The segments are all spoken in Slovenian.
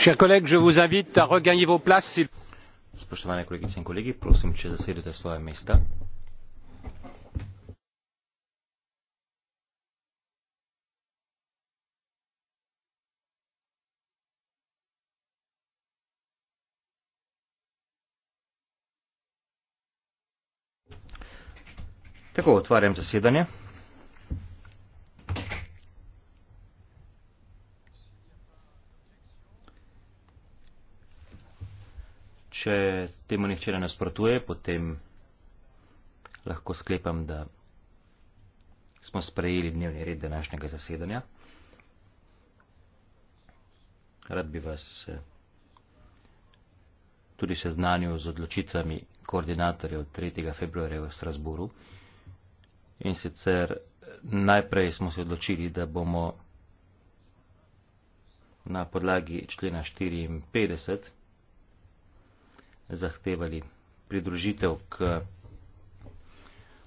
chers collègues je vous invite à regagner vos places Tako, otvarjam zasedanje. Če temu nihče ne nasprotuje, potem lahko sklepam, da smo sprejeli dnevni red današnjega zasedanja. Rad bi vas eh, tudi seznanil z odločitvami koordinatorjev 3. februarja v Strasburu. In sicer najprej smo se odločili, da bomo na podlagi člena 54 zahtevali pridružitev k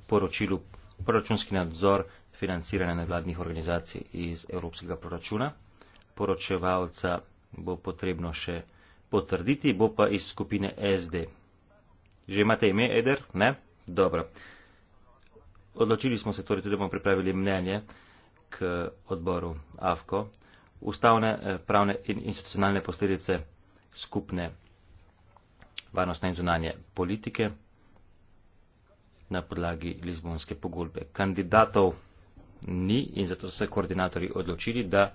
poročilu proračunski nadzor financiranja nevladnih organizacij iz evropskega proračuna. Poročevalca bo potrebno še potrditi, bo pa iz skupine SD. Že imate ime, Eder? Ne? Dobro. Odločili smo se torej, tudi bomo pripravili mnenje k odboru AFKO. Ustavne, eh, pravne in institucionalne posledice skupne varnostne in zunanje politike na podlagi Lizbonske pogodbe. Kandidatov ni in zato so se koordinatori odločili, da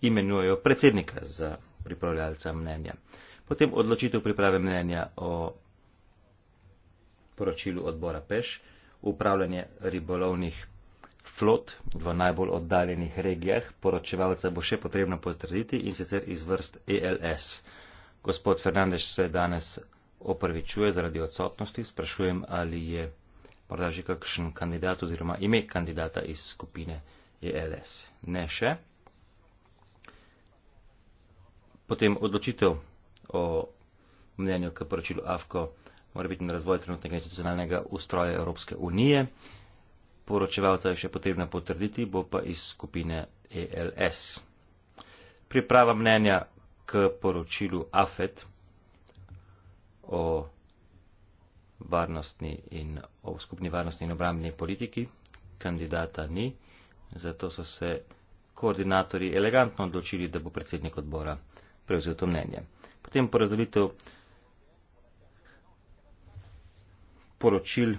imenujejo predsednika za pripravljalca mnenja. Potem odločitev priprave mnenja o poročilu odbora Peš, upravljanje ribolovnih flot v najbolj oddaljenih regijah, poročevalca bo še potrebno potrditi in sicer iz vrst ELS. Gospod Fernandez se je danes opravičuje zaradi odsotnosti, sprašujem, ali je morda že kakšen kandidat oziroma ime kandidata iz skupine ELS. Ne še. Potem odločitev o mnenju k poročilu AFKO mora biti na razvoj trenutnega institucionalnega ustroja Evropske unije. Poročevalca je še potrebno potrditi, bo pa iz skupine ELS. Priprava mnenja k poročilu AFET o varnostni in o skupni varnostni in obrambni politiki. Kandidata ni, zato so se koordinatori elegantno odločili, da bo predsednik odbora prevzel to mnenje. Potem porazdelitev poročil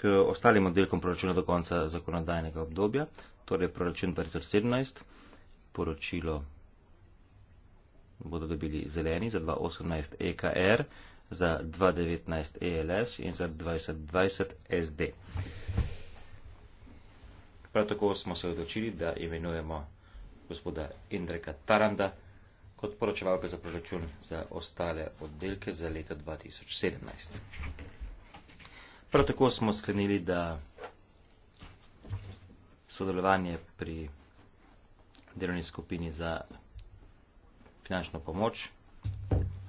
k ostalim oddelkom proračuna do konca zakonodajnega obdobja, torej proračun 2017, poročilo bodo dobili zeleni za 2018 EKR za 2019 ELS in za 2020 SD. Prav tako smo se odločili, da imenujemo gospoda Indreka Taranda kot poročevalka za proračun za ostale oddelke za leto 2017. Prav tako smo sklenili, da sodelovanje pri delovni skupini za finančno pomoč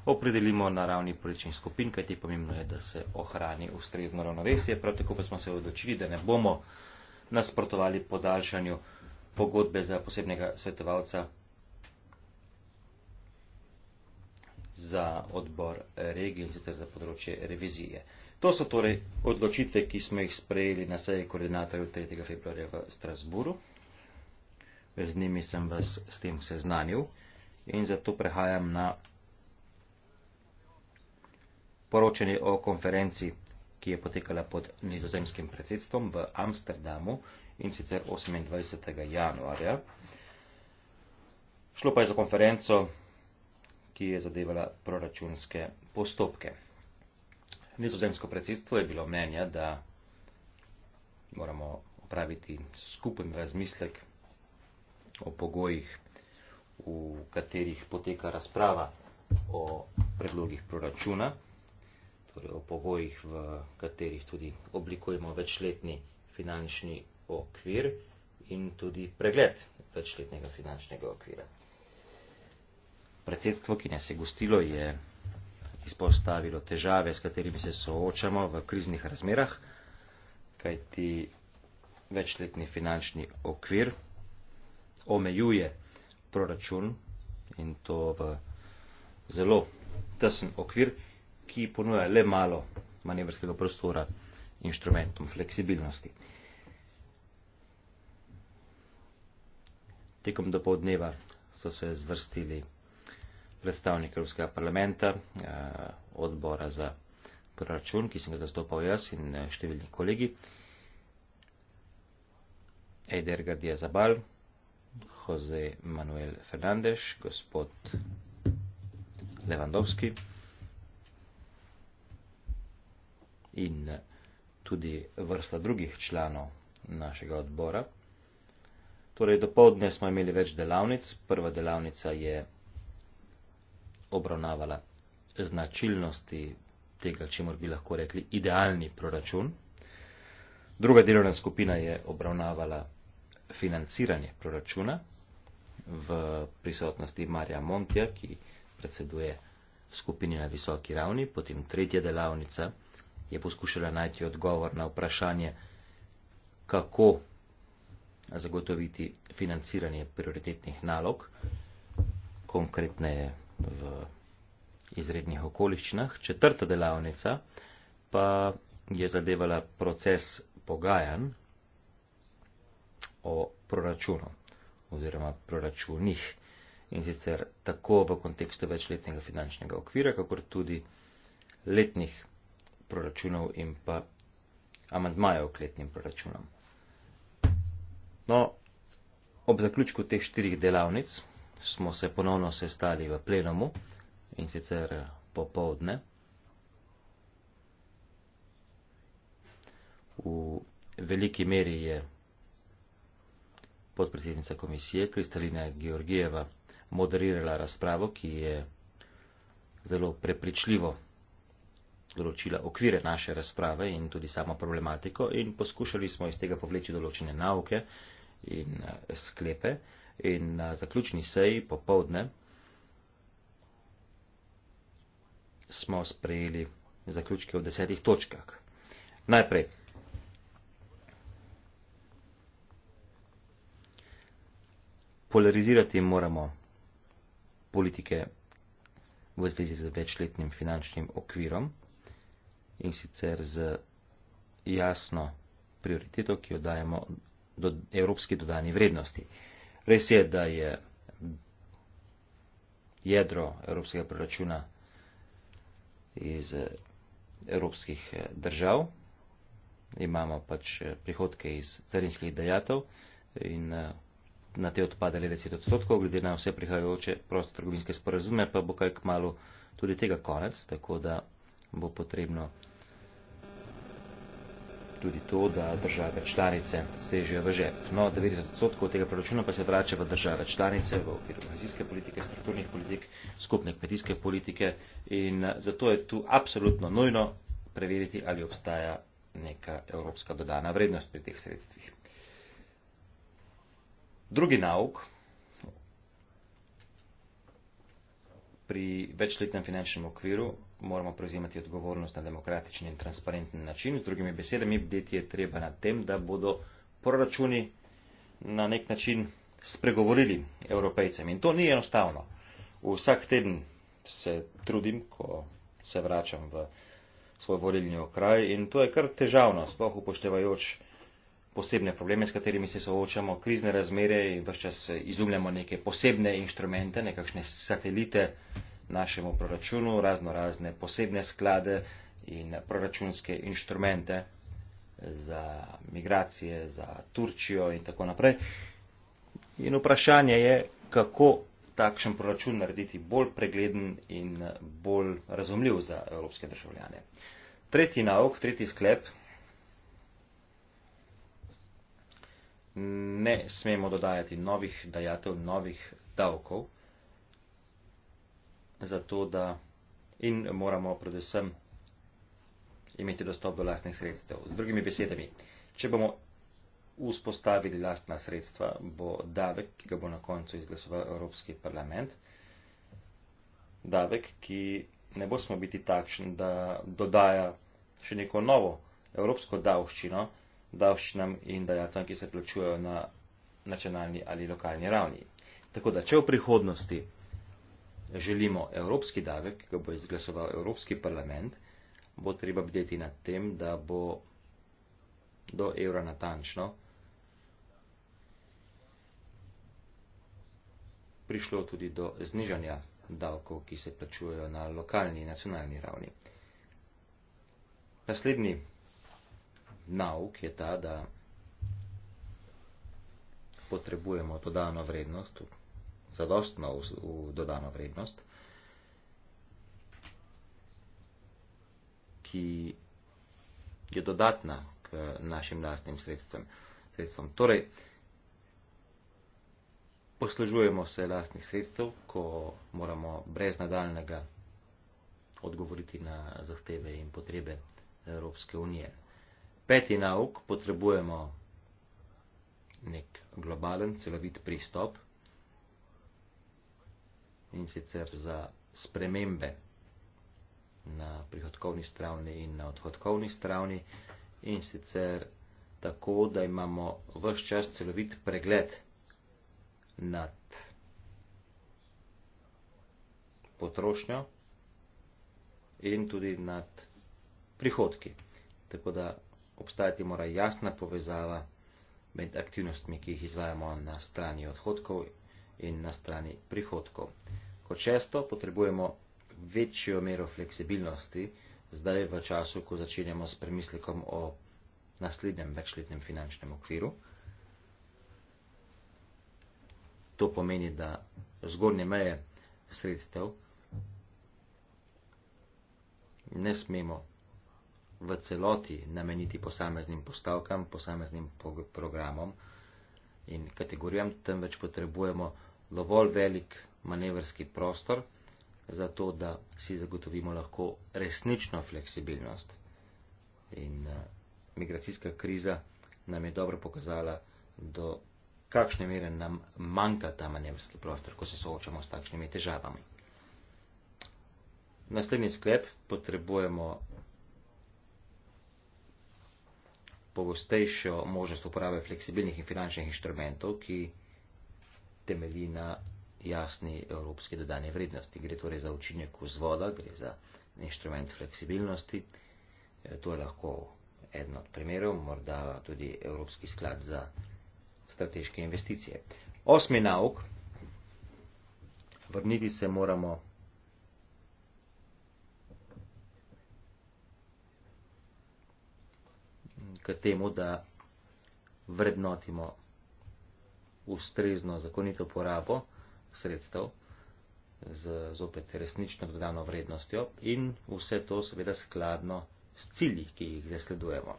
opredelimo na ravni političnih skupin, kajti pomembno je, da se ohrani ustrezno ravnovesje. Prav tako pa smo se odločili, da ne bomo nasprotovali podaljšanju pogodbe za posebnega svetovalca za odbor regij in sicer za področje revizije. To so torej odločitve, ki smo jih sprejeli na seji koordinatorjev 3. februarja v Strasburu. Z njimi sem vas s tem seznanil in zato prehajam na poročanje o konferenci, ki je potekala pod nizozemskim predsedstvom v Amsterdamu in sicer 28. januarja. Šlo pa je za konferenco, ki je zadevala proračunske postopke. Nizozemsko predsedstvo je bilo mnenja, da moramo opraviti skupen razmislek o pogojih, v katerih poteka razprava o predlogih proračuna torej o pogojih, v katerih tudi oblikujemo večletni finančni okvir in tudi pregled večletnega finančnega okvira. Predsedstvo, ki nas je gostilo, je izpostavilo težave, s katerimi se soočamo v kriznih razmerah, kajti večletni finančni okvir omejuje proračun in to v zelo tesen okvir ki ponuja le malo manevrskega prostora inštrumentom fleksibilnosti. Tekom do povdneva so se zvrstili predstavniki Evropskega parlamenta, eh, odbora za proračun, ki sem ga zastopal jaz in eh, številni kolegi. Eder Gardia Zabal, Jose Manuel Fernandez, gospod Levandovski. in tudi vrsta drugih članov našega odbora. Torej, do povdne smo imeli več delavnic. Prva delavnica je obravnavala značilnosti tega, če mor bi lahko rekli, idealni proračun. Druga delovna skupina je obravnavala financiranje proračuna v prisotnosti Marja Montja, ki predseduje skupini na visoki ravni, potem tretja delavnica je poskušala najti odgovor na vprašanje, kako zagotoviti financiranje prioritetnih nalog, konkretneje v izrednih okoliščinah. Četrta delavnica pa je zadevala proces pogajanj o proračunu oziroma proračunih in sicer tako v kontekstu večletnega finančnega okvira, kakor tudi letnih proračunov in pa amantmajev k letnim proračunom. No, ob zaključku teh štirih delavnic smo se ponovno sestali v plenomu in sicer popovdne v veliki meri je podpredsednica komisije Kristalina Georgijeva moderirala razpravo, ki je zelo prepričljivo določila okvire naše razprave in tudi samo problematiko in poskušali smo iz tega povleči določene nauke in eh, sklepe. In na zaključni seji popovdne smo sprejeli zaključke v desetih točkah. Najprej. Polarizirati moramo politike v zvezi z večletnim finančnim okvirom, in sicer z jasno prioriteto, ki jo dajemo do evropski dodani vrednosti. Res je, da je jedro evropskega proračuna iz eh, evropskih eh, držav, imamo pač eh, prihodke iz carinskih dejatov in na te odpade le 10 odstotkov, glede na vse prihajajoče prostotrgovinske sporazume, pa bo kaj k malu tudi tega konec, tako da bo potrebno tudi to, da države članice sežejo v žep. No, 90 odstotkov tega proračuna pa se vrača v države članice, v okviru kohezijske politike, strukturnih politik, skupne kmetijske politike in zato je tu absolutno nujno preveriti, ali obstaja neka evropska dodana vrednost pri teh sredstvih. Drugi nauk pri večletnem finančnem okviru moramo prevzemati odgovornost na demokratični in transparentni način. Z drugimi besedami, bdeti je treba na tem, da bodo proračuni na nek način spregovorili evropejcem. In to ni enostavno. Vsak teden se trudim, ko se vračam v svoj volilni okraj in to je kar težavno, sploh upoštevajoč posebne probleme, s katerimi se soočamo, krizne razmere in vse čas izumljamo neke posebne inštrumente, nekakšne satelite, našemu proračunu razno razne posebne sklade in proračunske inštrumente za migracije, za Turčijo in tako naprej. In vprašanje je, kako takšen proračun narediti bolj pregleden in bolj razumljiv za evropske državljane. Tretji nauk, tretji sklep. Ne smemo dodajati novih dajatev, novih davkov zato da in moramo predvsem imeti dostop do lastnih sredstev. Z drugimi besedami, če bomo vzpostavili lastna sredstva, bo davek, ki ga bo na koncu izglasoval Evropski parlament, davek, ki ne bo smo biti takšen, da dodaja še neko novo evropsko davščino, davščinam in dajatvam, ki se plačujejo na nacionalni ali lokalni ravni. Tako da, če v prihodnosti želimo evropski davek, ki ga bo izglasoval Evropski parlament, bo treba bdeti nad tem, da bo do evra natančno prišlo tudi do znižanja davkov, ki se plačujejo na lokalni in nacionalni ravni. Naslednji nauk je ta, da potrebujemo dodano vrednost, zadostno v, v dodano vrednost, ki je dodatna k našim lastnim sredstvem. sredstvom. Torej, poslužujemo se lastnih sredstev, ko moramo brez nadaljnega odgovoriti na zahteve in potrebe Evropske unije. Peti nauk potrebujemo nek globalen, celovit pristop in sicer za spremembe na prihodkovni strani in na odhodkovni strani in sicer tako, da imamo vse čas celovit pregled nad potrošnjo in tudi nad prihodki. Tako da obstajati mora jasna povezava med aktivnostmi, ki jih izvajamo na strani odhodkov in na strani prihodkov. Kot šesto, potrebujemo večjo mero fleksibilnosti, zdaj v času, ko začenjamo s premislekom o naslednjem večletnem finančnem okviru. To pomeni, da zgornje meje sredstev ne smemo v celoti nameniti posameznim postavkam, posameznim programom, in kategorijam, temveč potrebujemo dovolj velik manevrski prostor, zato da si zagotovimo lahko resnično fleksibilnost. In uh, migracijska kriza nam je dobro pokazala, do kakšne mere nam manjka ta manevrski prostor, ko se soočamo s takšnimi težavami. Naslednji sklep potrebujemo pogostejšo možnost uporabe fleksibilnih in finančnih inštrumentov, ki temelji na jasni evropski dodani vrednosti. Gre torej za učinek vzvoda, gre za inštrument fleksibilnosti. E, to je lahko eden od primerov, morda tudi Evropski sklad za strateške investicije. Osmi nauk. Vrniti se moramo k temu, da vrednotimo ustrezno zakonito porabo sredstev z zopet resnično dodano vrednostjo in vse to seveda skladno s cilji, ki jih zasledujemo.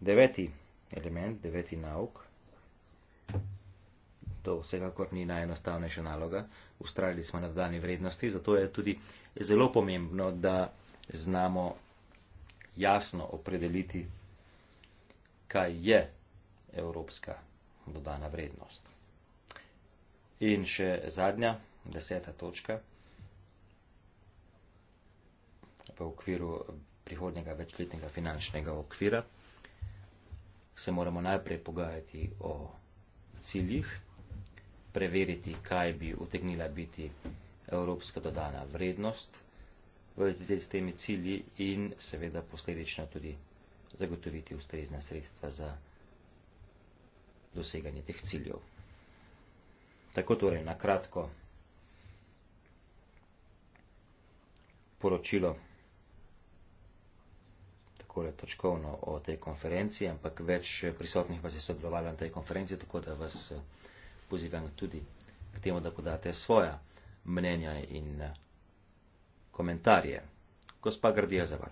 Deveti element, deveti nauk, to vsekakor ni najenostavnejša naloga, ustrajali smo na dodani vrednosti, zato je tudi zelo pomembno, da znamo jasno opredeliti, kaj je evropska dodana vrednost. In še zadnja, deseta točka, v okviru prihodnjega večletnega finančnega okvira se moramo najprej pogajati o ciljih, preveriti, kaj bi utegnila biti evropska dodana vrednost v zvezi s temi cilji in seveda posledično tudi zagotoviti ustrezna sredstva za doseganje teh ciljev. Tako torej, na kratko, poročilo, takole točkovno o tej konferenci, ampak več prisotnih vas je sodelovalo na tej konferenci, tako da vas pozivam tudi k temu, da podate svoja mnenja in comentarie. Gospa Gardija Zavar.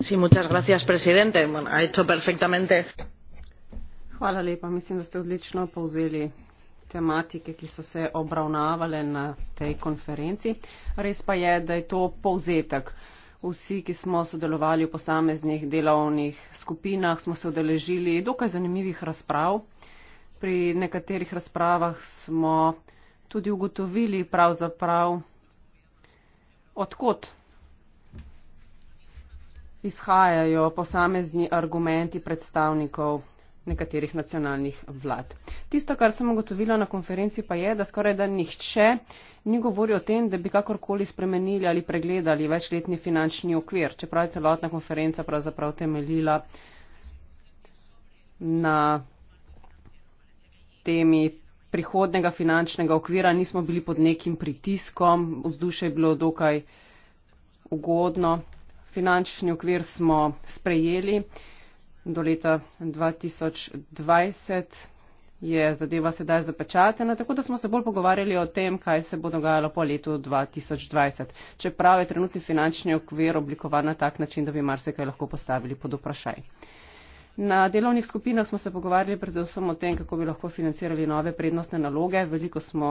Sí, muchas gracias, presidente. Bueno, ha hecho perfectamente. Hvala lepa. Mislim, da ste odlično povzeli tematike, ki so se obravnavale na tej konferenci. Res pa je, da je to povzetek. Vsi, ki smo sodelovali v posameznih delovnih skupinah, smo se odeležili dokaj zanimivih razprav. Pri nekaterih razpravah smo tudi ugotovili pravzaprav. Prav odkot izhajajo posamezni argumenti predstavnikov nekaterih nacionalnih vlad. Tisto, kar sem ugotovila na konferenci, pa je, da skoraj da nihče ni govoril o tem, da bi kakorkoli spremenili ali pregledali večletni finančni okvir, čeprav je celotna konferenca pravzaprav temeljila na temi prihodnega finančnega okvira, nismo bili pod nekim pritiskom, vzdušje je bilo dokaj ugodno. Finančni okvir smo sprejeli do leta 2020 je zadeva sedaj zapečatena, tako da smo se bolj pogovarjali o tem, kaj se bo dogajalo po letu 2020. Čeprav je trenutni finančni okvir oblikovan na tak način, da bi marsikaj lahko postavili pod vprašaj. Na delovnih skupinah smo se pogovarjali predvsem o tem, kako bi lahko financirali nove prednostne naloge. Veliko smo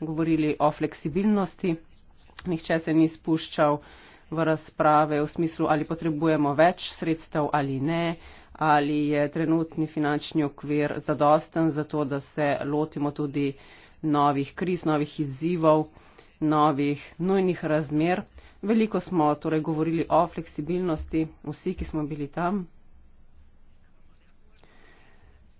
govorili o fleksibilnosti. Nihče se ni spuščal v razprave v smislu, ali potrebujemo več sredstev ali ne, ali je trenutni finančni okvir zadosten za to, da se lotimo tudi novih kriz, novih izzivov, novih nujnih razmer. Veliko smo torej govorili o fleksibilnosti, vsi, ki smo bili tam,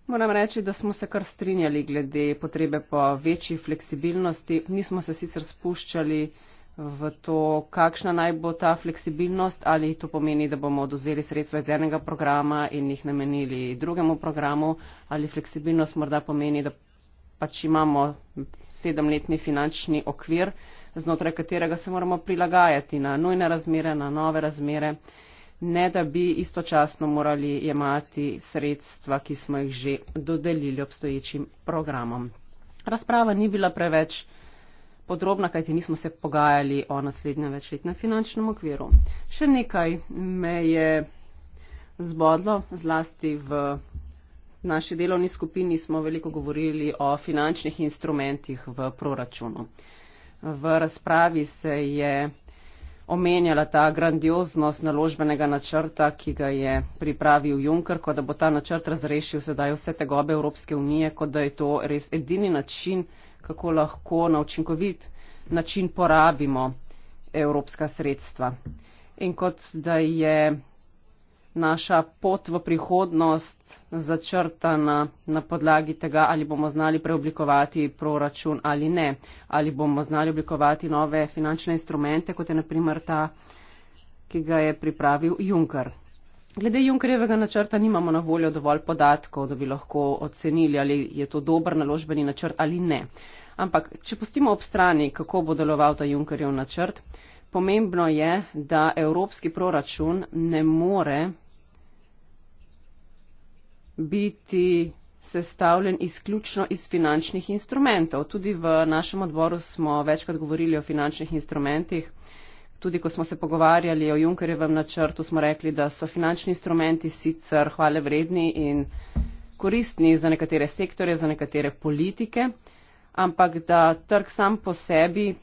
Moram reči, da smo se kar strinjali glede potrebe po večji fleksibilnosti. Nismo se sicer spuščali v to, kakšna naj bo ta fleksibilnost, ali to pomeni, da bomo oduzeli sredstva iz enega programa in jih namenili drugemu programu, ali fleksibilnost morda pomeni, da pač imamo sedemletni finančni okvir, znotraj katerega se moramo prilagajati na nujne razmere, na nove razmere ne da bi istočasno morali jemati sredstva, ki smo jih že dodelili obstoječim programom. Razprava ni bila preveč podrobna, kajti nismo se pogajali o naslednjem večletnem finančnem okviru. Še nekaj me je zbodlo, zlasti v naši delovni skupini smo veliko govorili o finančnih instrumentih v proračunu. V razpravi se je omenjala ta grandioznost naložbenega načrta, ki ga je pripravil Juncker, kot da bo ta načrt razrešil sedaj vse te gobe Evropske unije, kot da je to res edini način, kako lahko na učinkovit način porabimo evropska sredstva. In kot da je naša pot v prihodnost začrtana na podlagi tega, ali bomo znali preoblikovati proračun ali ne, ali bomo znali oblikovati nove finančne instrumente, kot je naprimer ta, ki ga je pripravil Juncker. Glede Junkerjevega načrta nimamo na voljo dovolj podatkov, da bi lahko ocenili, ali je to dober naložbeni načrt ali ne. Ampak, če pustimo ob strani, kako bo deloval ta Junkerjev načrt, pomembno je, da evropski proračun ne more biti sestavljen izključno iz finančnih instrumentov. Tudi v našem odboru smo večkrat govorili o finančnih instrumentih. Tudi ko smo se pogovarjali o Junkerjevem načrtu, smo rekli, da so finančni instrumenti sicer hvale vredni in koristni za nekatere sektore, za nekatere politike, ampak da trg sam po sebi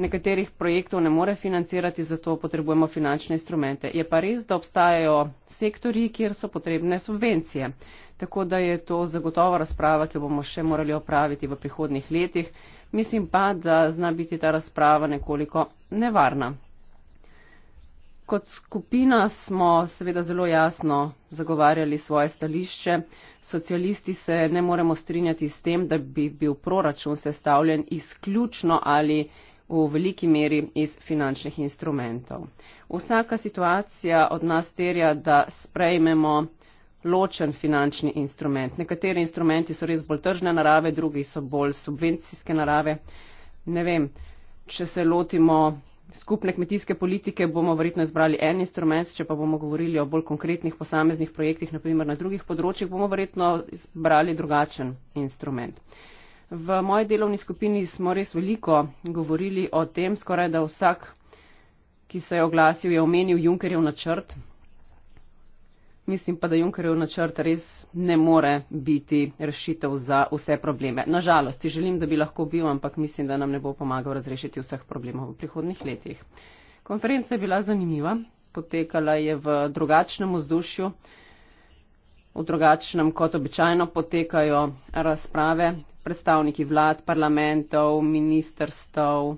nekaterih projektov ne more financirati, zato potrebujemo finančne instrumente. Je pa res, da obstajajo sektori, kjer so potrebne subvencije. Tako da je to zagotovo razprava, ki jo bomo še morali opraviti v prihodnih letih. Mislim pa, da zna biti ta razprava nekoliko nevarna. Kot skupina smo seveda zelo jasno zagovarjali svoje stališče. Socialisti se ne moremo strinjati s tem, da bi bil proračun sestavljen izključno ali izključno v veliki meri iz finančnih instrumentov. Vsaka situacija od nas terja, da sprejmemo ločen finančni instrument. Nekateri instrumenti so res bolj tržne narave, drugi so bolj subvencijske narave. Ne vem, če se lotimo skupne kmetijske politike, bomo verjetno izbrali en instrument, če pa bomo govorili o bolj konkretnih posameznih projektih, naprimer na drugih področjih, bomo verjetno izbrali drugačen instrument. Uh, V moji delovni skupini smo res veliko govorili o tem, skoraj da vsak, ki se je oglasil, je omenil Junkerjev načrt. Mislim pa, da Junkerjev načrt res ne more biti rešitev za vse probleme. Nažalost, želim, da bi lahko bil, ampak mislim, da nam ne bo pomagal razrešiti vseh problemov v prihodnih letih. Konferenca je bila zanimiva, potekala je v drugačnem vzdušju, v drugačnem kot običajno potekajo razprave, predstavniki vlad, parlamentov, ministrstv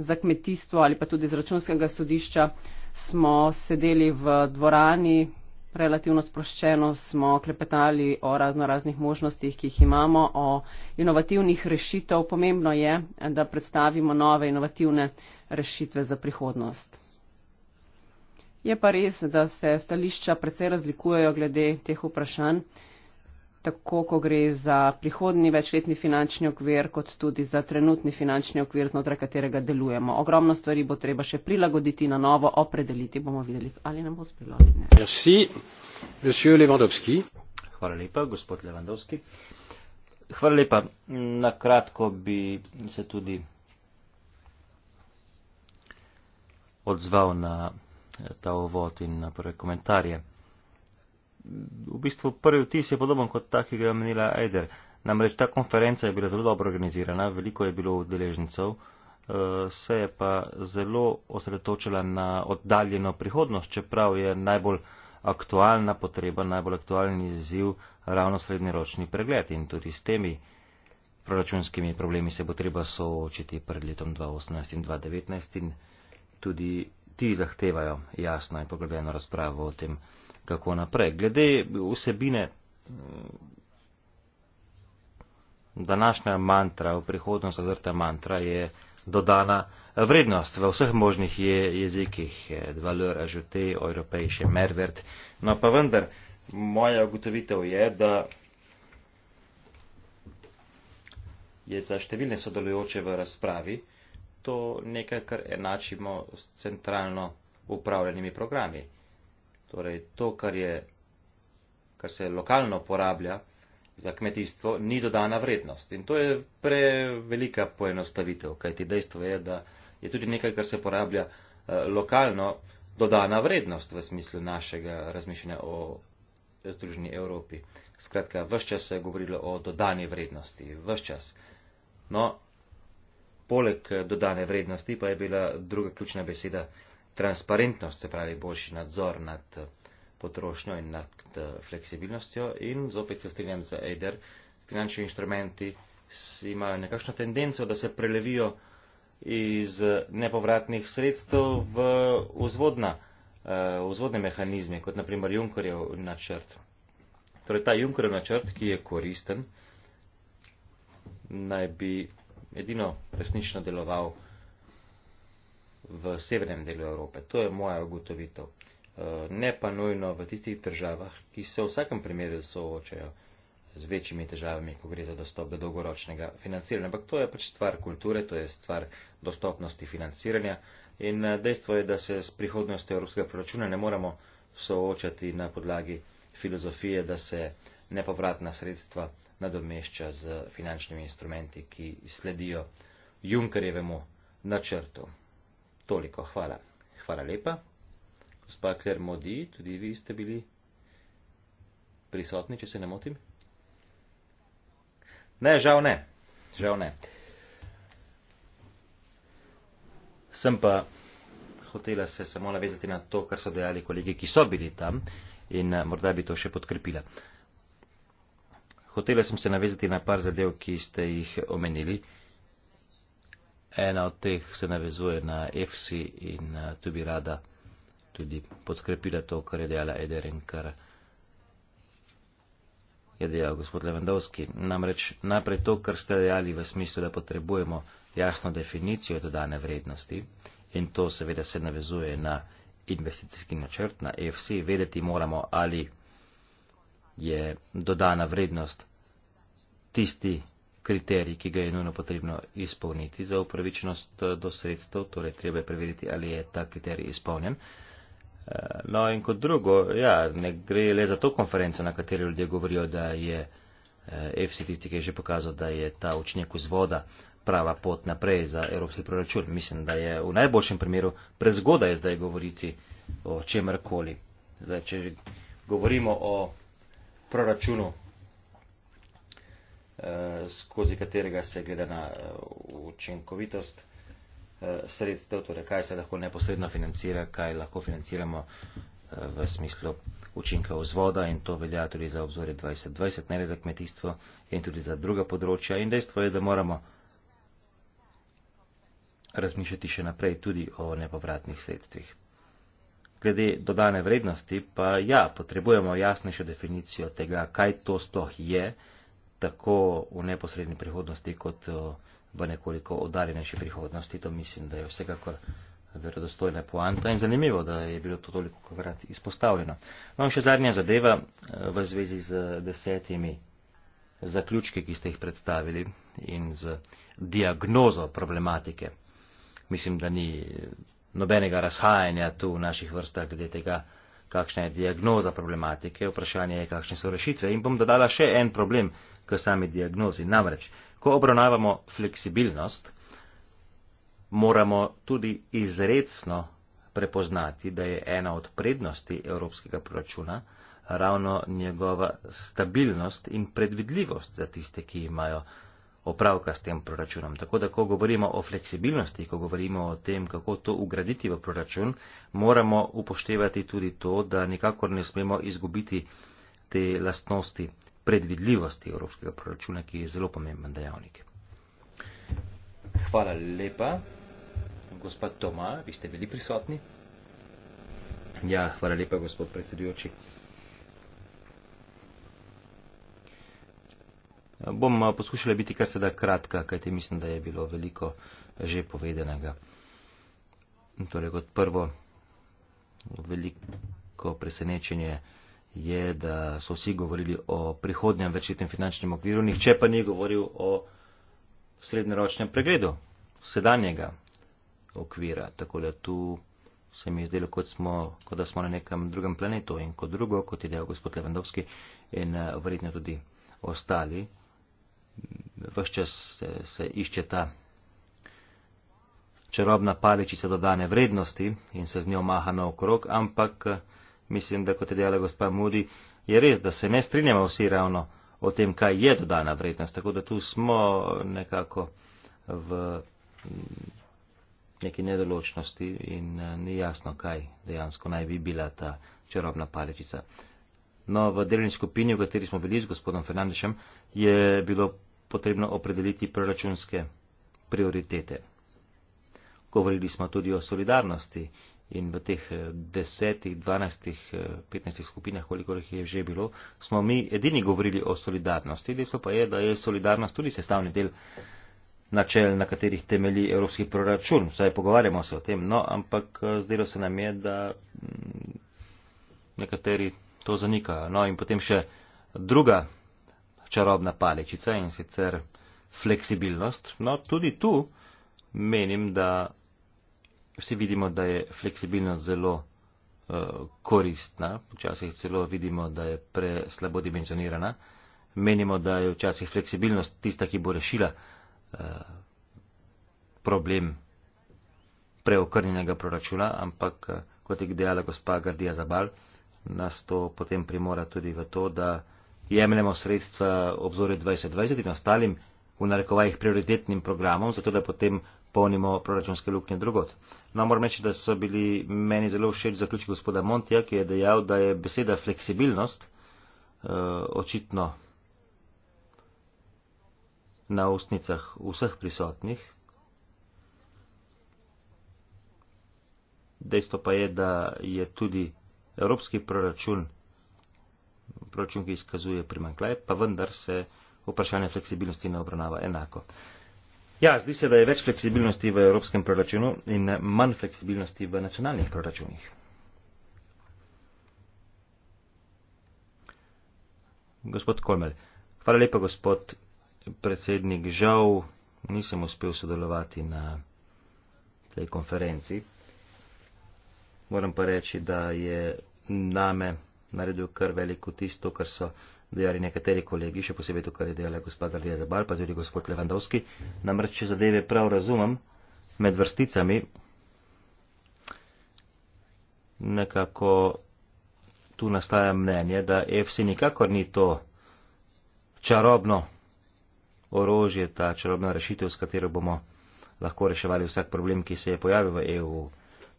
za kmetijstvo ali pa tudi z računskega sodišča smo sedeli v dvorani, relativno sproščeno smo klepetali o razno raznih možnostih, ki jih imamo, o inovativnih rešitev. Pomembno je, da predstavimo nove inovativne rešitve za prihodnost. Je pa res, da se stališča precej razlikujejo glede teh vprašanj tako ko gre za prihodni večletni finančni okvir, kot tudi za trenutni finančni okvir, znotraj katerega delujemo. Ogromno stvari bo treba še prilagoditi na novo, opredeliti bomo videli, ali nam bo uspelo ali ne. Merci, monsieur Lewandowski. Hvala lepa, gospod Lewandowski. Hvala lepa. Na kratko bi se tudi odzval na eh, ta uvod in na prve komentarje v bistvu prvi vtis je podoben kot ta, ki ga je omenila Eider. Namreč ta konferenca je bila zelo dobro organizirana, veliko je bilo udeležnicov, eh, se je pa zelo osredotočila na oddaljeno prihodnost, čeprav je najbolj aktualna potreba, najbolj aktualni izziv ravno srednjeročni pregled in tudi s temi proračunskimi problemi se bo treba soočiti pred letom 2018 in 2019 in tudi ti zahtevajo jasno in poglobljeno razpravo o tem kako naprej. Glede vsebine mm, današnja mantra, v prihodnost zazrta mantra je dodana vrednost v vseh možnih je, jezikih, valor ajouté, europejše, mervert. No pa vendar, moja ugotovitev je, da je za številne sodelujoče v razpravi to nekaj, kar enačimo s centralno upravljenimi programi. Torej, to, kar, je, kar se lokalno porablja za kmetijstvo, ni dodana vrednost. In to je prevelika poenostavitev, kajti dejstvo je, da je tudi nekaj, kar se porablja eh, lokalno, dodana vrednost v smislu našega razmišljanja o združeni Evropi. Skratka, vse čas se je govorilo o dodani vrednosti, vse čas. No, poleg eh, dodane vrednosti pa je bila druga ključna beseda transparentnost, se pravi boljši nadzor nad eh, potrošnjo in nad eh, fleksibilnostjo. In zopet se strinjam z EIDER, finančni inštrumenti imajo nekakšno tendenco, da se prelevijo iz eh, nepovratnih sredstev v vzvodna, vzvodne mehanizme, kot naprimer Junkerjev načrt. Torej ta Junkerjev načrt, ki je koristen, naj bi edino resnično deloval v severnem delu Evrope. To je moja ugotovitev. Eh, ne pa nujno v tistih državah, ki se v vsakem primeru soočajo z večjimi težavami, ko gre za dostop do dolgoročnega financiranja. Ampak to je pač stvar kulture, to je stvar dostopnosti financiranja in eh, dejstvo je, da se s prihodnostjo evropskega proračuna ne moremo soočati na podlagi filozofije, da se nepovratna sredstva nadomešča z finančnimi instrumenti, ki sledijo Junkerjevemu načrtu. Toliko, hvala. Hvala lepa. Gospa Klermodi, tudi vi ste bili prisotni, če se ne motim? Ne, žal ne. Žal ne. Sem pa hotela se samo navezati na to, kar so dejali kolegi, ki so bili tam in eh, morda bi to še podkrepila. Hotela sem se navezati na par zadev, ki ste jih omenili. Uh, ena od teh se navezuje na EFSI in uh, tu bi rada tudi podkrepila to, kar je dejala Ederen, kar je dejal gospod Levendovski. Namreč najprej to, kar ste dejali v smislu, da potrebujemo jasno definicijo dodane vrednosti in to seveda se navezuje na investicijski načrt, na EFSI, vedeti moramo, ali je dodana vrednost tisti kriterij, ki ga je nujno potrebno izpolniti za upravičenost eh, do sredstev, torej treba je preveriti, ali je ta kriterij izpolnjen. Eh, no in kot drugo, ja, ne gre le za to konferenco, na kateri ljudje govorijo, da je eh, FCT, ki je že pokazal, da je ta učinek vzvoda prava pot naprej za evropski proračun. Mislim, da je v najboljšem primeru prezgodaj zdaj govoriti o čemrkoli. Zdaj, če govorimo o proračunu 2021-2022, Eh, skozi katerega se gleda na eh, učinkovitost eh, sredstev, torej kaj se lahko neposredno financira, kaj lahko financiramo v smislu učinka vzvoda in to velja tudi za obzorje 2020, ne le za kmetijstvo in tudi za druga področja. In dejstvo je, da moramo razmišljati še naprej tudi o nepovratnih sredstvih. Glede dodane vrednosti pa ja, potrebujemo jasnejšo definicijo tega, kaj to sploh je tako v neposredni prihodnosti, kot eh, v nekoliko oddaljenejši prihodnosti. To mislim, da je vsekakor verodostojna poanta in zanimivo, da je bilo to toliko krat izpostavljeno. No in še zadnja zadeva eh, v zvezi z desetimi zaključki, ki ste jih predstavili in z diagnozo problematike. Mislim, da ni eh, nobenega razhajanja tu v naših vrstah glede tega, kakšna je diagnoza problematike, vprašanje je, kakšne so rešitve. In bom dodala še en problem k sami diagnozi. Namreč, ko obravnavamo fleksibilnost, moramo tudi izredno prepoznati, da je ena od prednosti evropskega proračuna ravno njegova stabilnost in predvidljivost za tiste, ki imajo opravka s tem proračunom. Tako da, ko govorimo o fleksibilnosti, ko govorimo o tem, kako to ugraditi v proračun, moramo upoštevati tudi to, da nikakor ne smemo izgubiti te lastnosti predvidljivosti evropskega proračuna, ki je zelo pomemben dejavnik. Hvala lepa. Gospod Toma, vi ste bili prisotni? Ja, hvala lepa, gospod predsedujoči. Bom eh, poskušala biti kar sedaj kratka, kajti mislim, da je bilo veliko že povedanega. Torej, kot prvo, veliko presenečenje je, da so vsi govorili o prihodnjem večletnem finančnem okviru, nihče pa ni govoril o srednjeročnem pregledu sedanjega okvira. Tako da tu se mi je zdelo, kot, smo, kot da smo na nekem drugem planetu in kot drugo, kot je dejal gospod Levandovski in eh, verjetno tudi ostali, vse čas se, se išče ta čarobna paličica dodane vrednosti in se z njo maha naokrog, ampak mislim, da kot je dejala gospa Mudi, je res, da se ne strinjamo vsi ravno o tem, kaj je dodana vrednost. Tako da tu smo nekako v mm, neki nedoločnosti in ni jasno, kaj dejansko naj bi bila ta čarobna paličica. No, v delovni skupini, v kateri smo bili z gospodom Fernandešem, je bilo potrebno opredeliti proračunske prioritete. Govorili smo tudi o solidarnosti in v teh eh, desetih, dvanajstih, eh, petnajstih skupinah, koliko jih je že bilo, smo mi edini govorili o solidarnosti. Dejstvo pa je, da je solidarnost tudi sestavni del načel, na katerih temelji evropski proračun. Vsaj pogovarjamo se o tem, no, ampak eh, zdelo se nam je, da mm, nekateri to zanikajo. No, in potem še druga čarobna paličica in sicer fleksibilnost. No, tudi tu menim, da vsi vidimo, da je fleksibilnost zelo uh, koristna, včasih celo vidimo, da je preslabo dimenzionirana. Menimo, da je včasih fleksibilnost tista, ki bo rešila uh, problem preokrnjenega proračuna, ampak eh, kot je dejala gospa Gardija Zabal, nas to potem primora tudi v to, da jemljemo sredstva obzore 2020 in ostalim v narekovajih prioritetnim programom, zato da potem polnimo proračunske luknje drugot. No, moram reči, da so bili meni zelo všeč zaključki gospoda Montija, ki je dejal, da je beseda fleksibilnost uh, očitno na ustnicah vseh prisotnih. Dejstvo pa je, da je tudi evropski proračun proračun, ki izkazuje primankljaj, pa vendar se vprašanje fleksibilnosti ne obravnava enako. Ja, zdi se, da je več fleksibilnosti v evropskem proračunu in manj fleksibilnosti v nacionalnih proračunih. Gospod Kolmel, hvala lepa, gospod predsednik. Žal nisem uspel sodelovati na tej konferenci. Moram pa reči, da je name naredil kar veliko tisto, kar so dejali nekateri kolegi, še posebej to, kar je dejala gospod Arlija Zabal, pa tudi gospod Levandovski. Namreč, če zadeve prav razumem, med vrsticami nekako tu nastaja mnenje, da FC nikakor ni to čarobno orožje, ta čarobna rešitev, s katero bomo lahko reševali vsak problem, ki se je pojavil v EU.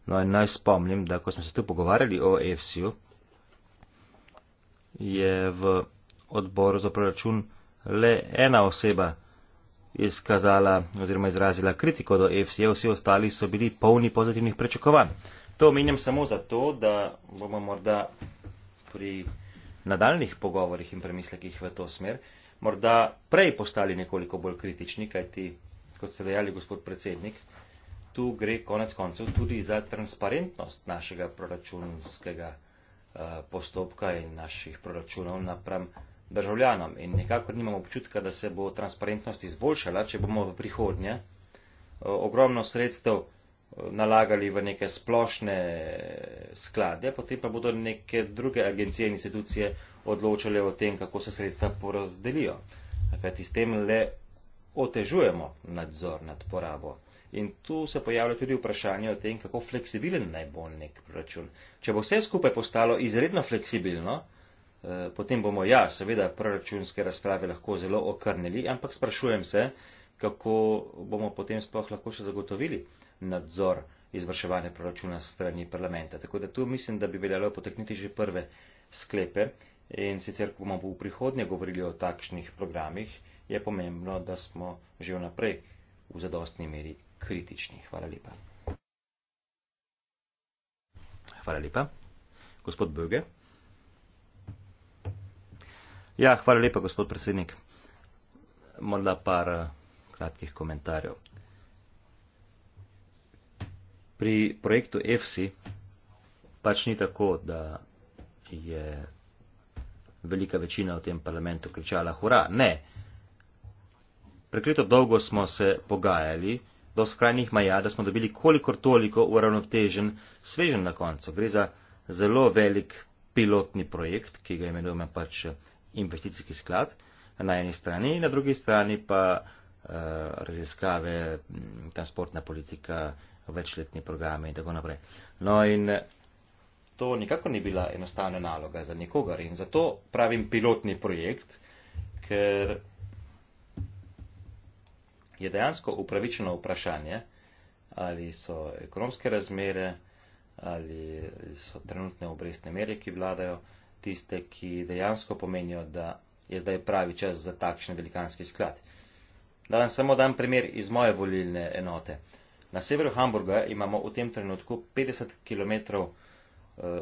No in naj spomnim, da ko smo se tu pogovarjali o EFSI-ju, je v odboru za proračun le ena oseba izkazala oziroma izrazila kritiko do EFSI-ja, vsi ostali so bili polni pozitivnih prečakovanj. To omenjam samo zato, da bomo morda pri nadaljnih pogovorjih in premislekih v to smer morda prej postali nekoliko bolj kritični, kajti, kot ste dejali, gospod predsednik, tu gre konec koncev tudi za transparentnost našega proračunskega. Eh, postopka in naših proračunov napram državljanom. In nekakor nimamo občutka, da se bo transparentnost izboljšala, če bomo v prihodnje eh, ogromno sredstev eh, nalagali v neke splošne sklade, potem pa bodo neke druge agencije in institucije odločale o tem, kako se sredstva porazdelijo. Kajti s tem le otežujemo nadzor nad porabo. In tu se pojavlja tudi vprašanje o tem, kako fleksibilen naj bo nek proračun. Če bo vse skupaj postalo izredno fleksibilno, eh, potem bomo, ja, seveda, proračunske razprave lahko zelo okrnili, ampak sprašujem se, kako bomo potem sploh lahko še zagotovili nadzor izvrševanja proračuna strani parlamenta. Tako da tu mislim, da bi veljalo potekniti že prve sklepe in sicer, ko bomo v prihodnje govorili o takšnih programih, je pomembno, da smo že vnaprej v zadostni meri kritični. Hvala lepa. Hvala lepa. Gospod Böge. Ja, hvala lepa, gospod predsednik. Morda par eh, kratkih komentarjev. Pri projektu EFSI pač ni tako, da je velika večina v tem parlamentu kričala hura. Ne. Prekrito dolgo smo se pogajali do skrajnih maja, da smo dobili kolikor toliko uravnotežen svežen na koncu. Gre za zelo velik pilotni projekt, ki ga imenujemo pač eh, investicijski sklad na eni strani, na drugi strani pa eh, raziskave, transportna politika, večletni programe in tako naprej. No in eh, to nikako ni bila enostavna naloga za nikogar in zato pravim pilotni projekt, ker je dejansko upravičeno vprašanje, ali so ekonomske razmere, ali so trenutne obrestne mere, ki vladajo, tiste, ki dejansko pomenijo, da je zdaj pravi čas za takšen velikanski sklad. Da vam samo dam primer iz moje volilne enote. Na severu Hamburga imamo v tem trenutku 50 km eh,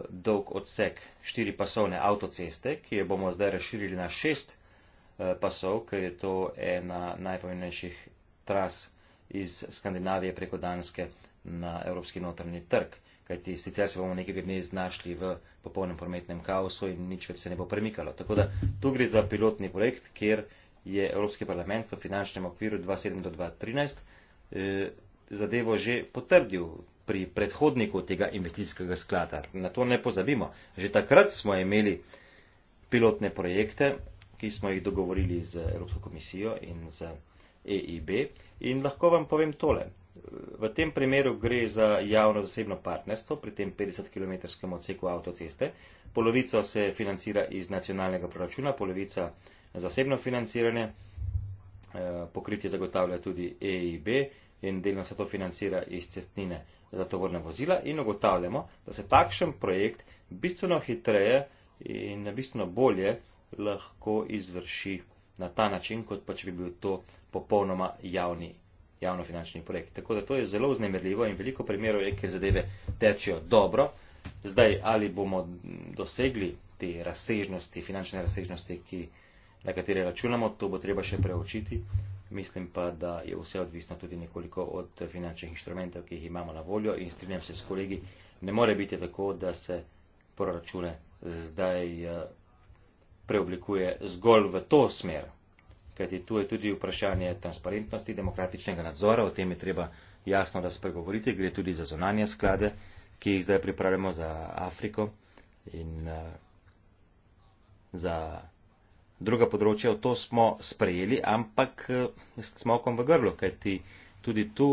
dolg odsek štiri pasovne avtoceste, ki jo bomo zdaj razširili na šest eh, pasov, ker je to ena najpomembnejših tras iz Skandinavije preko Danske na evropski notranji trg. Kajti sicer se bomo nekaj dni znašli v popolnem prometnem kaosu in nič več se ne bo premikalo. Tako da tu gre za pilotni projekt, kjer je Evropski parlament v finančnem okviru 2007 do 2013 eh, zadevo že potrdil pri predhodniku tega investicijskega sklada. Na to ne pozabimo. Že takrat smo imeli pilotne projekte, ki smo jih dogovorili z Evropsko komisijo in z. Eh, EIB in lahko vam povem tole. V tem primeru gre za javno-zasebno partnerstvo pri tem 50-km odseku avtoceste. Polovico se financira iz nacionalnega proračuna, polovica zasebno financiranje, eh, pokritje zagotavlja tudi EIB in delno se to financira iz cestnine za tovorna vozila in ugotavljamo, da se takšen projekt bistveno hitreje in bistveno bolje lahko izvrši na ta način, kot pa če bi bil to popolnoma javni, javnofinančni projekt. Tako da to je zelo vznemirljivo in veliko primerov je, ker zadeve tečejo dobro. Zdaj, ali bomo dosegli te razsežnosti, finančne razsežnosti, ki, na katere računamo, to bo treba še preučiti. Mislim pa, da je vse odvisno tudi nekoliko od finančnih inštrumentov, ki jih imamo na voljo in strinjam se s kolegi, ne more biti tako, da se proračune zdaj eh, preoblikuje zgolj v to smer. Kajti tu je tudi vprašanje transparentnosti, demokratičnega nadzora, o tem je treba jasno razpregovoriti. Gre tudi za zonanje sklade, ki jih zdaj pripravljamo za Afriko in uh, za druga področja. To smo sprejeli, ampak uh, eh, smo okom v grlo, kajti tudi tu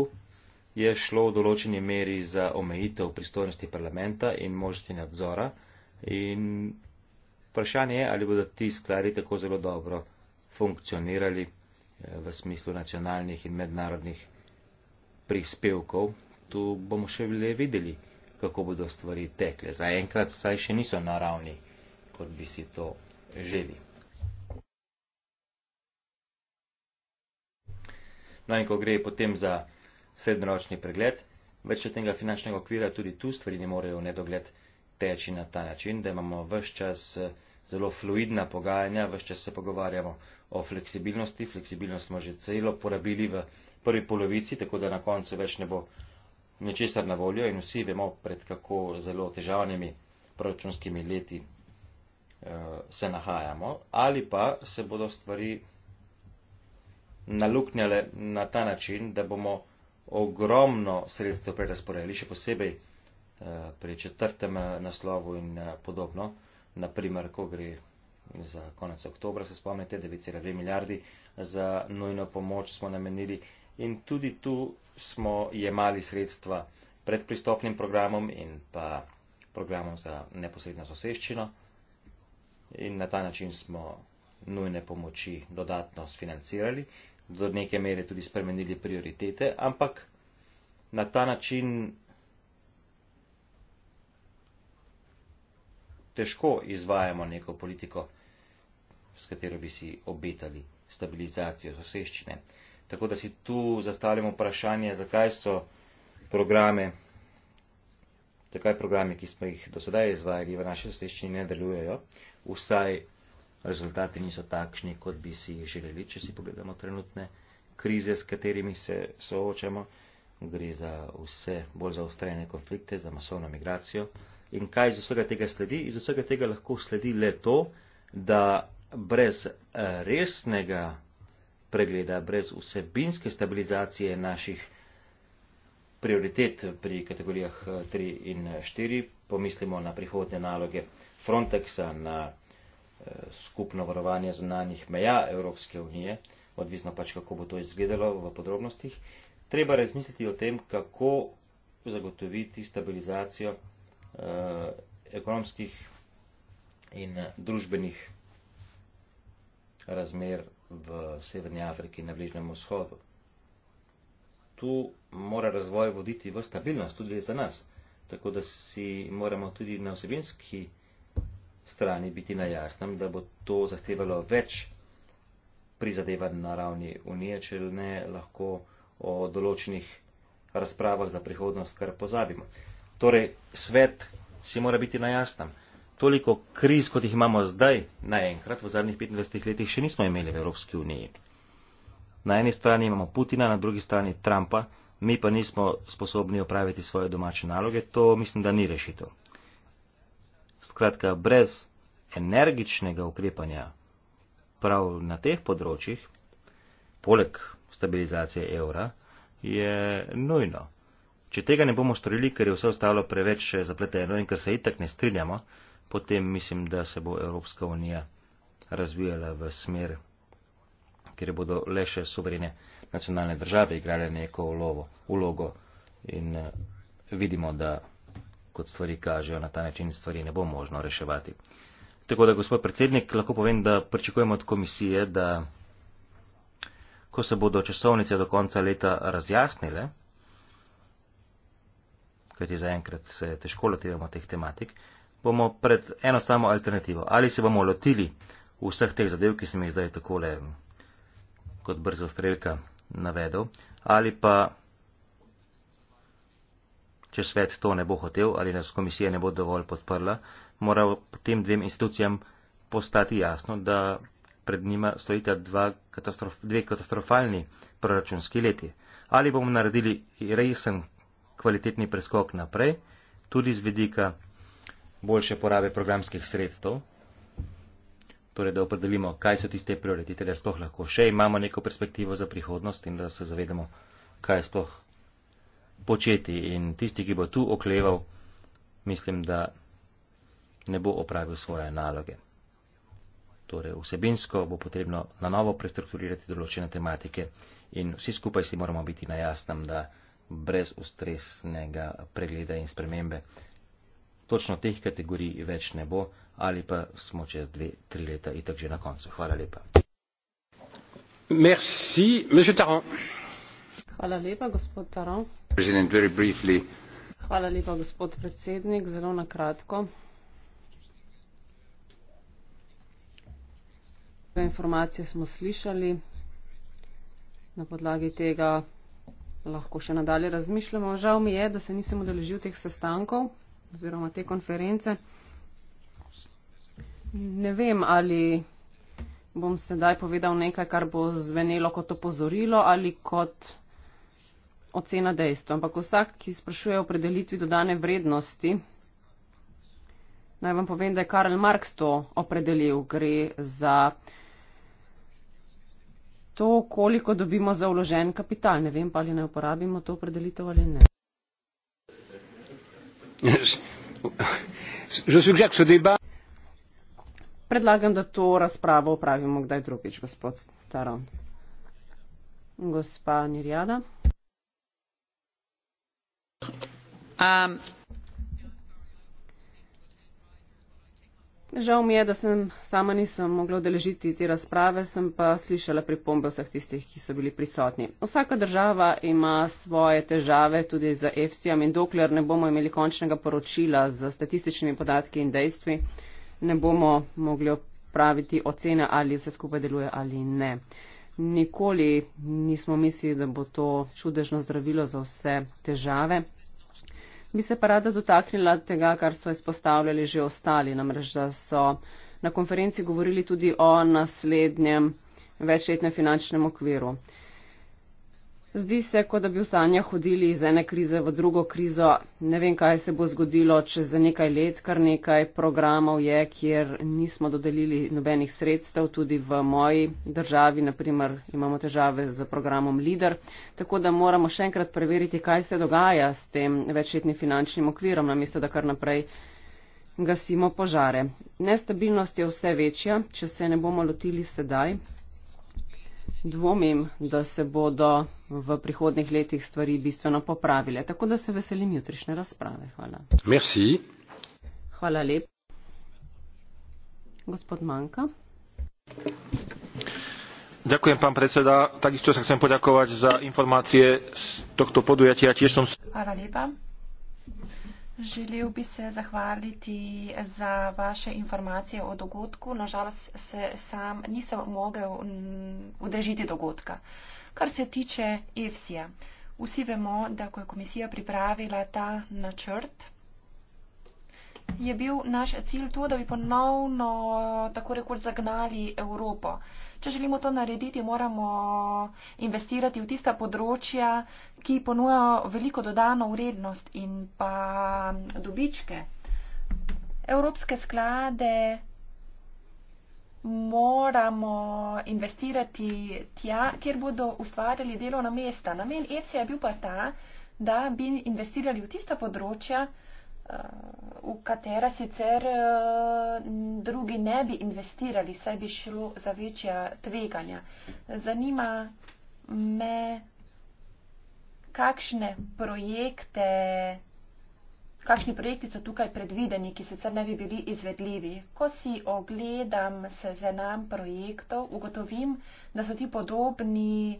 je šlo v določeni meri za omejitev pristojnosti parlamenta in možnosti nadzora. In Vprašanje je, ali bodo ti skladi tako zelo dobro funkcionirali eh, v smislu nacionalnih in mednarodnih prispevkov. Tu bomo še le videli, kako bodo stvari tekle. Zaenkrat vsaj še niso na ravni, kot bi si to želi. No in ko gre potem za srednjeročni pregled, več od tega finančnega okvira tudi tu stvari ne morejo v nedogled teči na ta način, da imamo vse čas. Eh, zelo fluidna pogajanja, vse čas se pogovarjamo o fleksibilnosti. Fleksibilnost smo že celo porabili v prvi polovici, tako da na koncu več ne bo ničesar na voljo in vsi vemo, pred kako zelo težavnimi proračunskimi leti uh, se nahajamo. Ali pa se bodo stvari naluknjale na ta način, da bomo ogromno sredstev prerasporedili, še posebej eh, pri četrtem eh, naslovu in podobno naprimer, ko gre za konec oktobra, se spomnite, 9,2 milijardi za nujno pomoč smo namenili in tudi tu smo jemali sredstva pred pristopnim programom in pa programom za neposredno soseščino in na ta način smo nujne pomoči dodatno sfinancirali, do neke mere tudi spremenili prioritete, ampak na ta način težko izvajamo neko politiko, s katero bi si obetali stabilizacijo soseščine. Tako da si tu zastavljamo vprašanje, zakaj so programe, zakaj programe, ki smo jih do sedaj izvajali v naši soseščini, ne delujejo, vsaj rezultati niso takšni, kot bi si jih želeli, če si pogledamo trenutne krize, s katerimi se soočamo. Gre za vse bolj zaostrene konflikte, za masovno migracijo. In kaj iz vsega tega sledi? Iz vsega tega lahko sledi le to, da brez eh, resnega pregleda, brez vsebinske stabilizacije naših prioritet pri kategorijah 3 eh, in 4, eh, pomislimo na prihodne naloge Frontexa, na skupno varovanje zunanjih meja Evropske unije, odvisno pač kako bo to izgledalo v podrobnostih, treba razmisliti o tem, kako zagotoviti stabilizacijo Eh, ekonomskih in eh, družbenih razmer v Severni Afriki na Bližnjem vzhodu. Tu mora razvoj voditi v stabilnost tudi za nas, tako da si moramo tudi na osebinski strani biti na jasnem, da bo to zahtevalo več prizadevanj na ravni Unije, če ne lahko o določenih razpravah za prihodnost kar pozabimo. Torej, svet si mora biti na jasnem. Toliko kriz, kot jih imamo zdaj, naenkrat v zadnjih 25 letih, še nismo imeli v Evropski uniji. Na eni strani imamo Putina, na drugi strani Trumpa, mi pa nismo sposobni opraviti svoje domače naloge, to mislim, da ni rešitev. Skratka, brez energičnega ukrepanja prav na teh področjih, poleg stabilizacije evra, je nujno. Če tega ne bomo storili, ker je vse ostalo preveč zapleteno in ker se itak ne strinjamo, potem mislim, da se bo Evropska unija razvijala v smer, kjer bodo le še suverene nacionalne države igrale neko ulovo, ulogo in eh, vidimo, da kot stvari kažejo, na ta način stvari ne bo možno reševati. Tako da, gospod predsednik, lahko povem, da pričakujemo od komisije, da ko se bodo časovnice do konca leta razjasnile, kajti zaenkrat se težko lotevamo teh tematik, bomo pred enostavno alternativo. Ali se bomo lotili vseh teh zadev, ki sem jih zdaj takole kot brzo streljka navedel, ali pa, če svet to ne bo hotel ali nas komisija ne bo dovolj podprla, mora tem dvem institucijam postati jasno, da pred njima stojita dva katastrof, dve katastrofalni proračunski leti. Ali bomo naredili resen kvalitetni preskok naprej, tudi z vidika boljše porabe programskih sredstev, torej da opredelimo, kaj so tiste prioritete, da sploh lahko še imamo neko perspektivo za prihodnost in da se zavedamo, kaj sploh početi. In tisti, ki bo tu okleval, mislim, da ne bo opravil svoje naloge. Torej, vsebinsko bo potrebno na novo prestrukturirati določene tematike in vsi skupaj si moramo biti na jasnem, da brez ustresnega pregleda in spremembe. Točno teh kategorij več ne bo, ali pa smo čez dve, tri leta in tako že na koncu. Hvala lepa. Merci, monsieur Taron. Hvala lepa, gospod Taron. President, very briefly. Hvala lepa, gospod predsednik, zelo na kratko. Informacije smo slišali. Na podlagi tega lahko še nadalje razmišljamo. Žal mi je, da se nisem odeležil teh sestankov oziroma te konference. Ne vem, ali bom sedaj povedal nekaj, kar bo zvenelo kot opozorilo ali kot ocena dejstva. Ampak vsak, ki sprašuje o predelitvi dodane vrednosti, naj vam povem, da je Karl Marx to opredelil. Gre za to, koliko dobimo za vložen kapital. Ne vem pa, ali ne uporabimo to predelitev ali ne. Predlagam, da to razpravo upravimo kdaj drugič, gospod Taron. Gospa Nirjada. Um. Žal mi je, da sem sama nisem mogla odeležiti te razprave, sem pa slišala pripombe vseh tistih, ki so bili prisotni. Vsaka država ima svoje težave tudi za EFSI-jem in dokler ne bomo imeli končnega poročila z statističnimi podatki in dejstvi, ne bomo mogli opraviti ocene, ali vse skupaj deluje ali ne. Nikoli nismo mislili, da bo to čudežno zdravilo za vse težave. Bi se pa rada dotaknila tega, kar so izpostavljali že ostali, namreč da so na konferenci govorili tudi o naslednjem večletnem finančnem okviru. Zdi se, kot da bi v sanja hodili iz ene krize v drugo krizo. Ne vem, kaj se bo zgodilo, če za nekaj let kar nekaj programov je, kjer nismo dodelili nobenih sredstev, tudi v moji državi, naprimer imamo težave z programom LIDER. Tako da moramo še enkrat preveriti, kaj se dogaja s tem večletnim finančnim okvirom, namesto da kar naprej gasimo požare. Nestabilnost je vse večja, če se ne bomo lotili sedaj, Dvomim, da se bodo v prihodnih letih stvari bistveno popravile. Tako da se veselim jutrišnje razprave. Hvala. Merci. Hvala lep. Gospod Manka. Ďakujem, pán predseda. Takisto sa chcem poďakovať za informácie z tohto podujatia. Tiež som... Hvala lepa. Želel bi se zahvaliti za vaše informacije o dogodku. Nažalost, se sam nisem mogel udrežiti dogodka. Kar se tiče EFSI-ja, vsi vemo, da ko je komisija pripravila ta načrt, je bil naš cilj to, da bi ponovno tako rekoč zagnali Evropo. Uh, Če želimo to narediti, moramo investirati v tista področja, ki ponujajo veliko dodano vrednost in pa dobičke. Evropske sklade moramo investirati tja, kjer bodo ustvarjali delovna mesta. Namen EFSI je bil pa ta, da bi investirali v tista področja, v katera sicer eh, drugi ne bi investirali, saj bi šlo za večja tveganja. Zanima me, kakšne projekte, kakšni projekti so tukaj predvideni, ki sicer ne bi bili izvedljivi. Ko si ogledam seznam projektov, ugotovim, da so ti podobni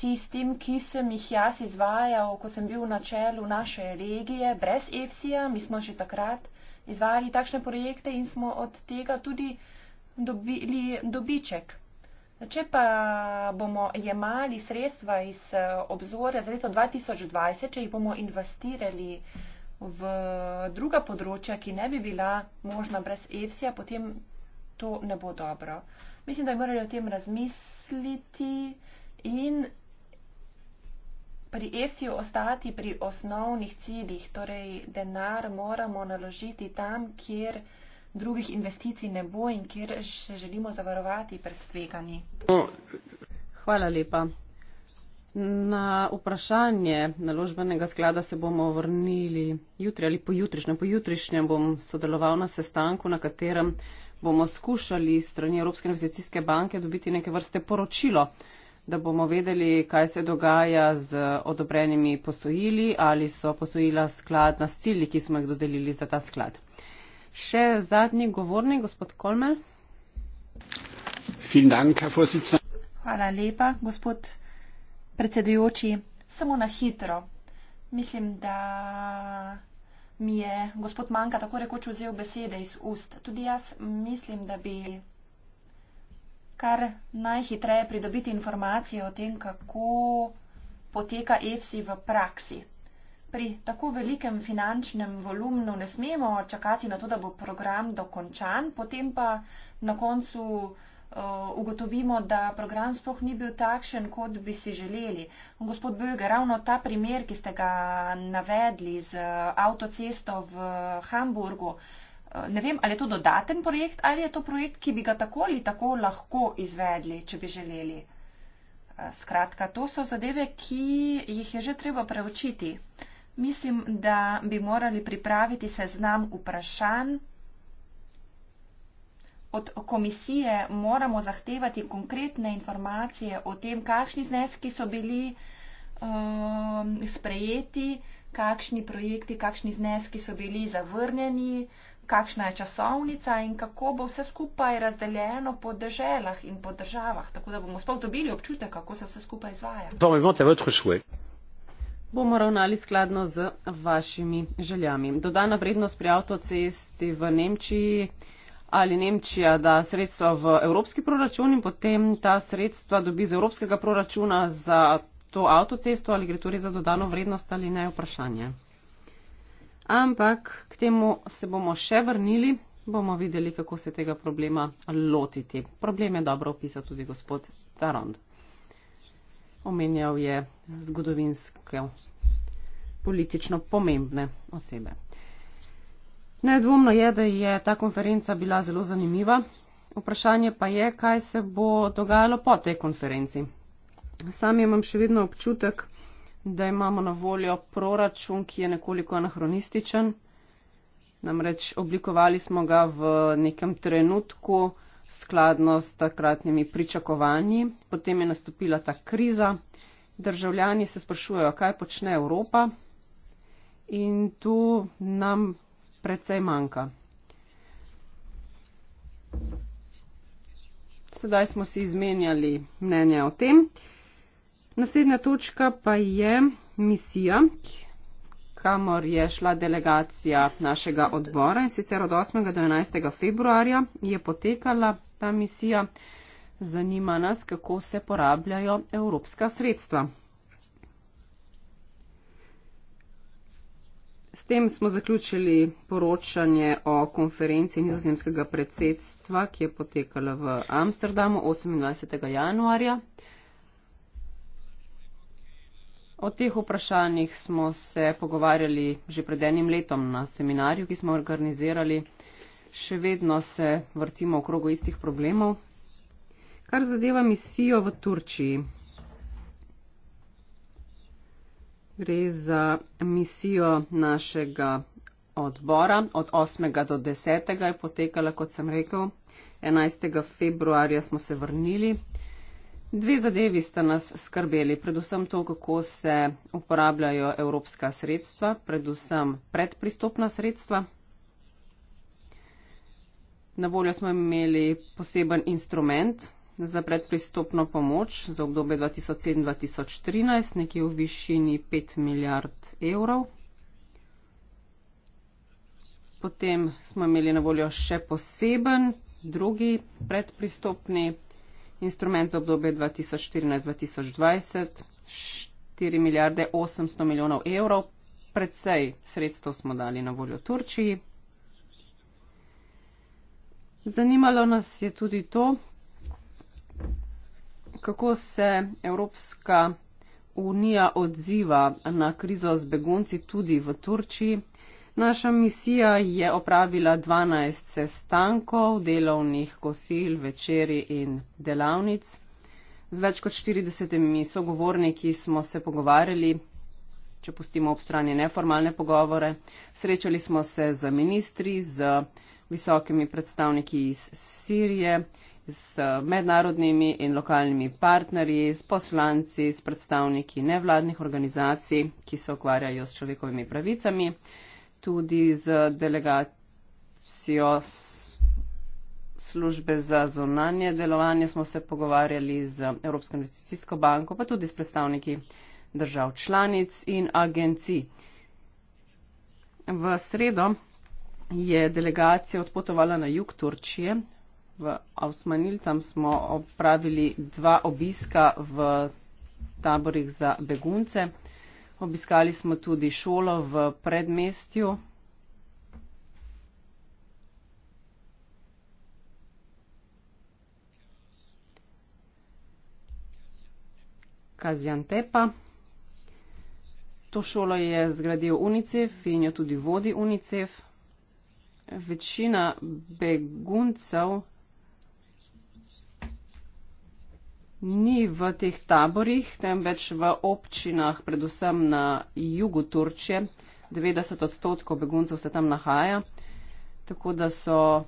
tistim, ki sem jih jaz izvajal, ko sem bil na čelu naše regije, brez EFSI-ja, mi smo že takrat izvajali takšne projekte in smo od tega tudi dobili dobiček. Če pa bomo jemali sredstva iz obzore za leto 2020, če jih bomo investirali v druga področja, ki ne bi bila možna brez EFSI-ja, potem to ne bo dobro. Mislim, da je morali o tem razmisliti in pri Efsiju ostati pri osnovnih ciljih, torej denar moramo naložiti tam, kjer drugih investicij ne bo in kjer še želimo zavarovati pred tveganji. No. Hvala lepa. Na vprašanje naložbenega sklada se bomo vrnili jutri ali pojutrišnjem. Pojutrišnjem bom sodeloval na sestanku, na katerem bomo skušali strani Evropske investicijske banke dobiti neke vrste poročilo da bomo vedeli, kaj se dogaja z odobrenimi posojili, ali so posojila skladna s cilji, ki smo jih dodelili za ta sklad. Še zadnji govornik, gospod Kolmel. Hvala lepa, gospod predsedujoči. Samo na hitro. Mislim, da mi je gospod Manka tako rekoč vzel besede iz ust. Tudi jaz mislim, da bi kar najhitreje pridobiti informacije o tem, kako poteka EFSI v praksi. Pri tako velikem finančnem volumnu ne smemo čakati na to, da bo program dokončan, potem pa na koncu uh, ugotovimo, da program sploh ni bil takšen, kot bi si želeli. Gospod Böge, ravno ta primer, ki ste ga navedli z avtocesto v Hamburgu, uh, Eh, ne vem, ali je to dodaten projekt ali je to projekt, ki bi ga tako ali tako lahko izvedli, če bi želeli. Eh, skratka, to so zadeve, ki jih je že treba preučiti. Mislim, da bi morali pripraviti seznam vprašanj. Od komisije moramo zahtevati konkretne informacije o tem, kakšni zneski so bili um, sprejeti, kakšni projekti, kakšni zneski so bili zavrnjeni, uh, kakšna je časovnica in kako bo vse skupaj razdeljeno po deželah in po državah, tako da bomo sploh dobili občutek, kako se vse skupaj izvaja. Bomo ravnali skladno z vašimi željami. Dodana vrednost pri avtocesti v Nemčiji ali Nemčija da sredstva v evropski proračun in potem ta sredstva dobi z evropskega proračuna za to avtocesto ali gre torej za dodano vrednost ali ne vprašanje ampak k temu se bomo še vrnili, bomo videli, kako se tega problema lotiti. Problem je dobro opisal tudi gospod Tarond. Omenjal je zgodovinske politično pomembne osebe. Nedvomno je, da je ta konferenca bila zelo zanimiva. Vprašanje pa je, kaj se bo dogajalo po tej konferenci. Sam imam še vedno občutek, da imamo na voljo proračun, ki je nekoliko anahronističen. Namreč oblikovali smo ga v nekem trenutku skladno s takratnimi pričakovanji, potem je nastopila ta kriza, državljani se sprašujejo, kaj počne Evropa in tu nam precej manjka. Sedaj smo si izmenjali mnenje o tem. Naslednja točka pa je misija, kamor je šla delegacija našega odbora in sicer od 8. do 11. februarja je potekala ta misija. Zanima nas, kako se porabljajo evropska sredstva. S tem smo zaključili poročanje o konferenci nizozemskega predsedstva, ki je potekala v Amsterdamu 28. januarja O teh vprašanjih smo se pogovarjali že pred enim letom na seminarju, ki smo organizirali. Še vedno se vrtimo okrogo istih problemov. Kar zadeva misijo v Turčiji, gre za misijo našega odbora. Od 8. do 10. je potekala, kot sem rekel. 11. februarja smo se vrnili Dve zadevi sta nas skrbeli, predvsem to, kako se uporabljajo evropska sredstva, predvsem predpristopna sredstva. Na voljo smo imeli poseben instrument za predpristopno pomoč za obdobje 2007-2013, nekje v višini 5 milijard evrov. Potem smo imeli na voljo še poseben drugi predpristopni instrument za obdobje 2014-2020 4 milijarde 800 milijonov evrov. Predvsej sredstev smo dali na voljo Turčiji. Zanimalo nas je tudi to, kako se Evropska unija odziva na krizo z begunci tudi v Turčiji. Naša misija je opravila 12 sestankov, delovnih kosil, večeri in delavnic. Z več kot 40 sogovorniki smo se pogovarjali, če pustimo ob strani neformalne pogovore. Srečali smo se z ministri, z visokimi predstavniki iz Sirije, z mednarodnimi in lokalnimi partnerji, z poslanci, z predstavniki nevladnih organizacij, ki se ukvarjajo s človekovimi pravicami tudi z delegacijo službe za zunanje delovanje smo se pogovarjali z Evropsko investicijsko banko, pa tudi s predstavniki držav članic in agencij. V sredo je delegacija odpotovala na jug Turčije. V Avsmanil tam smo opravili dva obiska v taborih za begunce. Obiskali smo tudi šolo v predmestju. Kazjantepa. To šolo je zgradil UNICEF in jo tudi vodi UNICEF. Večina beguncev ni v teh taborih, temveč v občinah, predvsem na jugu Turčije. 90 odstotkov beguncev se tam nahaja, tako da so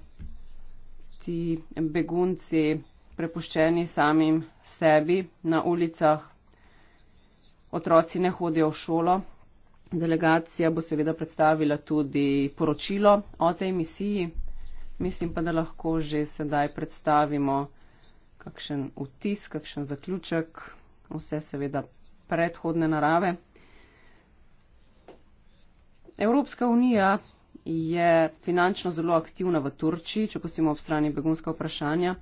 ti begunci prepuščeni samim sebi na ulicah. Otroci ne hodijo v šolo. Delegacija bo seveda predstavila tudi poročilo o tej misiji. Mislim pa, da lahko že sedaj predstavimo kakšen vtis, kakšen zaključek, vse seveda predhodne narave. Evropska unija je finančno zelo aktivna v Turčiji, če postimo ob strani begunska vprašanja.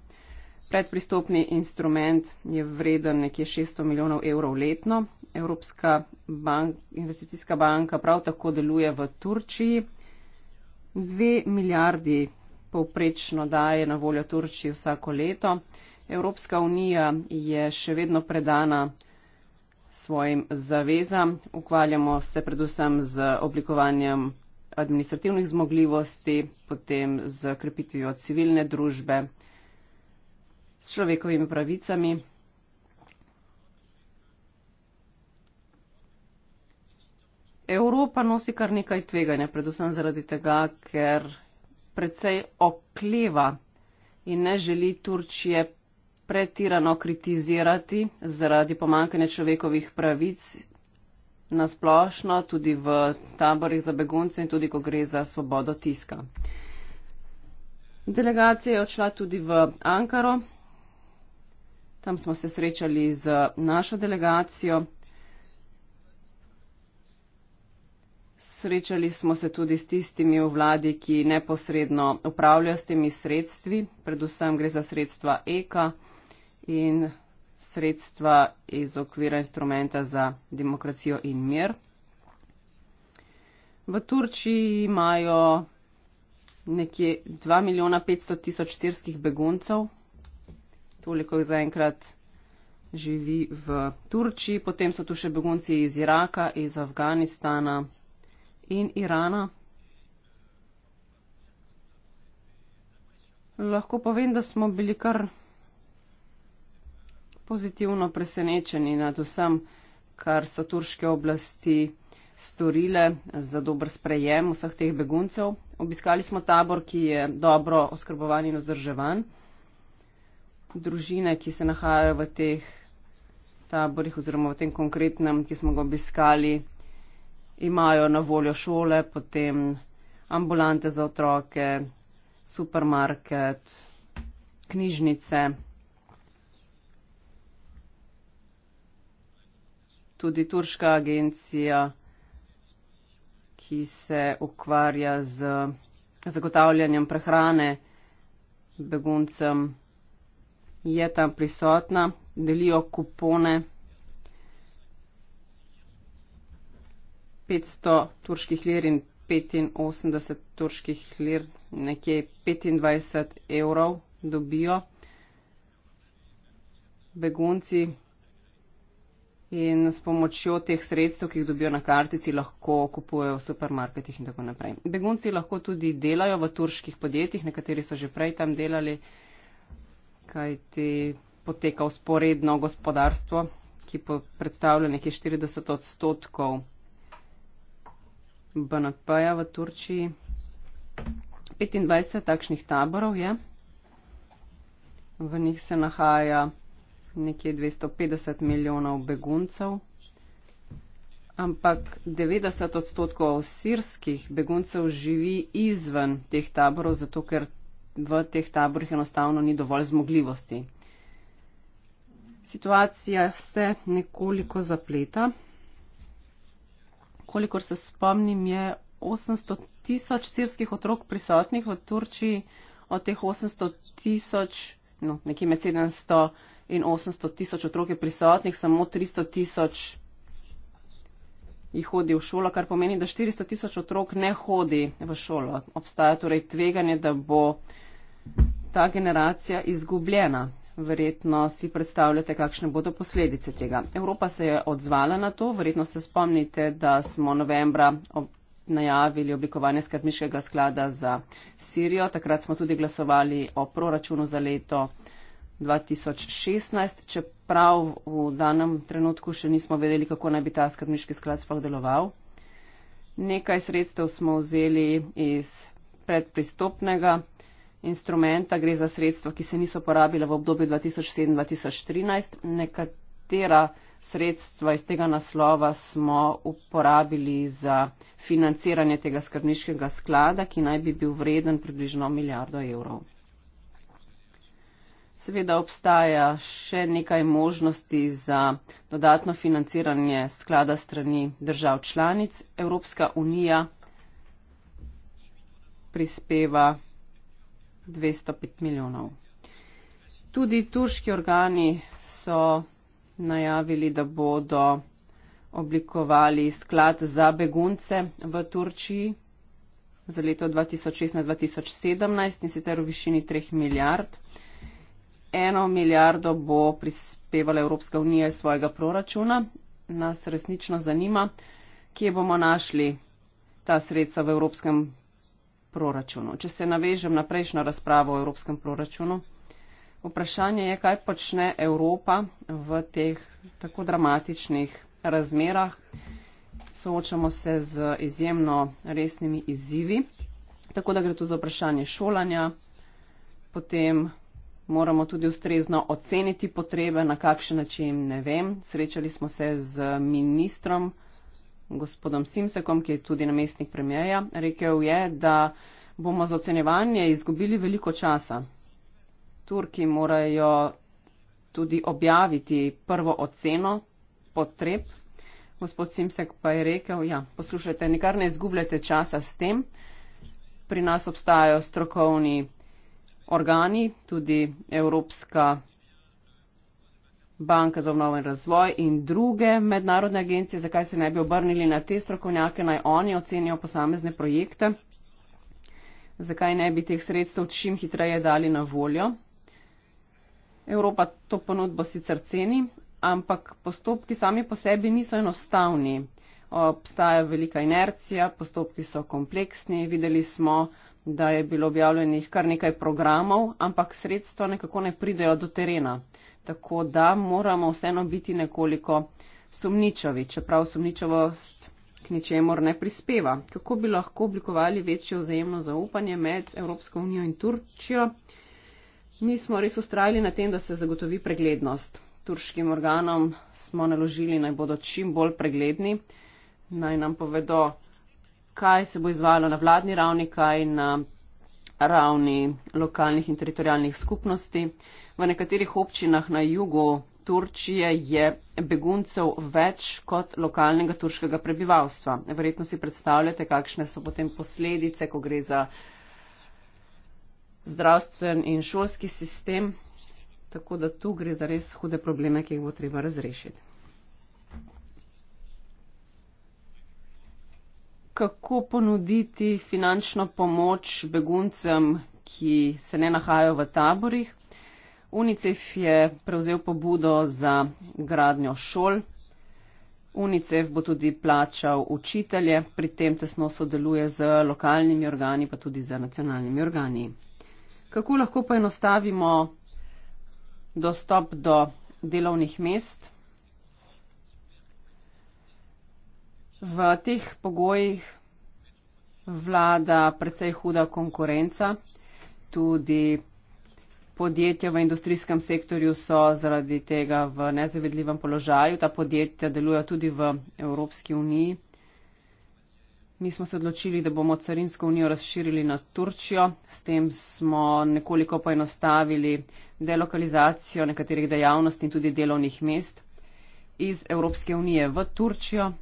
Predpristopni instrument je vreden nekje 600 milijonov evrov letno. Evropska bank, investicijska banka prav tako deluje v Turčiji. Dve milijardi povprečno daje na voljo Turčiji vsako leto. Evropska unija je še vedno predana svojim zavezam. Ukvarjamo se predvsem z oblikovanjem administrativnih zmogljivosti, potem z krepitvijo civilne družbe, s človekovimi pravicami. Evropa nosi kar nekaj tveganja, predvsem zaradi tega, ker precej okleva in ne želi Turčije pretirano kritizirati zaradi pomankanja človekovih pravic nasplošno, tudi v taborih za begunce in tudi, ko gre za svobodo tiska. Delegacija je odšla tudi v Ankaro. Tam smo se srečali z našo delegacijo. Srečali smo se tudi s tistimi v vladi, ki neposredno upravljajo s temi sredstvi, predvsem gre za sredstva EKA in sredstva iz okvira instrumenta za demokracijo in mir. V Turčiji imajo nekje 2 milijona 500 tisoč sirskih beguncev, toliko jih zaenkrat živi v Turčiji, potem so tu še begunci iz Iraka, iz Afganistana in Irana. Lahko povem, da smo bili kar pozitivno presenečeni nad vsem, kar so turške oblasti storile za dober sprejem vseh teh beguncev. Obiskali smo tabor, ki je dobro oskrbovan in vzdrževan. Družine, ki se nahajajo v teh taborih oziroma v tem konkretnem, ki smo ga obiskali, imajo na voljo šole, potem ambulante za otroke, supermarket, knjižnice. tudi turška agencija, ki se ukvarja z zagotavljanjem prehrane beguncem, je tam prisotna, delijo kupone. 500 turških lir in 85 turških lir, nekje 25 evrov dobijo. Begunci in s pomočjo teh sredstev, ki jih dobijo na kartici, lahko kupujejo v supermarketih in tako naprej. Begunci lahko tudi delajo v turških podjetjih, nekateri so že prej tam delali, kajti poteka usporedno gospodarstvo, ki predstavlja nekje 40 odstotkov BNP-ja v Turčiji. 25 takšnih taborov je. V njih se nahaja nekje 250 milijonov beguncev, ampak 90 odstotkov sirskih beguncev živi izven teh taborov, zato ker v teh taborih enostavno ni dovolj zmogljivosti. Situacija se nekoliko zapleta. Kolikor se spomnim, je 800 tisoč sirskih otrok prisotnih v Turčiji, od teh 800 tisoč, no, nekje med 700 in 800 tisoč otrok je prisotnih, samo 300 tisoč jih hodi v šolo, kar pomeni, da 400 tisoč otrok ne hodi v šolo. Obstaja torej tveganje, da bo ta generacija izgubljena. Verjetno si predstavljate, kakšne bodo posledice tega. Evropa se je odzvala na to, verjetno se spomnite, da smo novembra najavili oblikovanje skrbniškega sklada za Sirijo. Takrat smo tudi glasovali o proračunu za leto 2016, čeprav v danem trenutku še nismo vedeli, kako naj bi ta skrbniški sklad sploh deloval. Nekaj sredstev smo vzeli iz predpristopnega instrumenta, gre za sredstva, ki se niso porabila v obdobju 2007-2013. Nekatera sredstva iz tega naslova smo uporabili za financiranje tega skrbniškega sklada, ki naj bi bil vreden približno milijardo evrov. Seveda obstaja še nekaj možnosti za dodatno financiranje sklada strani držav članic. Evropska unija prispeva 205 milijonov. Tudi turški organi so najavili, da bodo oblikovali sklad za begunce v Turčiji za leto 2016-2017 in sicer v višini 3 milijard eno milijardo bo prispevala Evropska unija iz svojega proračuna. Nas resnično zanima, kje bomo našli ta sredstva v Evropskem proračunu. Če se navežem na prejšnjo razpravo o Evropskem proračunu, vprašanje je, kaj počne Evropa v teh tako dramatičnih razmerah. Soočamo se z izjemno resnimi izzivi. Tako da gre tu za vprašanje šolanja, potem moramo tudi ustrezno oceniti potrebe, na kakšen način, ne vem. Srečali smo se z ministrom, gospodom Simsekom, ki je tudi namestnik premjeja. Rekel je, da bomo za ocenjevanje izgubili veliko časa. Turki morajo tudi objaviti prvo oceno potreb. Gospod Simsek pa je rekel, ja, poslušajte, nikar ne izgubljate časa s tem. Pri nas obstajajo strokovni organi, tudi Evropska banka za obnovo in razvoj in druge mednarodne agencije, zakaj se ne bi obrnili na te strokovnjake, naj oni ocenijo posamezne projekte, zakaj ne bi teh sredstev čim hitreje dali na voljo. Evropa to ponudbo sicer ceni, ampak postopki sami po sebi niso enostavni. Obstaja velika inercija, postopki so kompleksni. Videli smo, da je bilo objavljenih kar nekaj programov, ampak sredstva nekako ne pridejo do terena. Tako da moramo vseeno biti nekoliko sumničavi, čeprav sumničavost k ničemor ne prispeva. Kako bi lahko oblikovali večjo vzajemno zaupanje med Evropsko unijo in Turčijo? Mi smo res ustrajali na tem, da se zagotovi preglednost. Turškim organom smo naložili, naj bodo čim bolj pregledni, naj nam povedo, kaj se bo izvajalo na vladni ravni, kaj na ravni lokalnih in teritorijalnih skupnosti. V nekaterih občinah na jugu Turčije je beguncev več kot lokalnega turškega prebivalstva. Verjetno si predstavljate, kakšne so potem posledice, ko gre za zdravstven in šolski sistem. Tako da tu gre za res hude probleme, ki jih bo treba razrešiti. kako ponuditi finančno pomoč beguncem, ki se ne nahajajo v taborih. UNICEF je prevzel pobudo za gradnjo šol. UNICEF bo tudi plačal učitelje, pri tem tesno sodeluje z lokalnimi organi, pa tudi z nacionalnimi organi. Kako lahko poenostavimo dostop do delovnih mest? V teh pogojih vlada precej huda konkurenca. Tudi podjetja v industrijskem sektorju so zaradi tega v nezavedljivem položaju. Ta podjetja delujejo tudi v Evropski uniji. Mi smo se odločili, da bomo carinsko unijo razširili na Turčjo. S tem smo nekoliko poenostavili delokalizacijo nekaterih dejavnosti in tudi delovnih mest iz Evropske unije v Turčjo.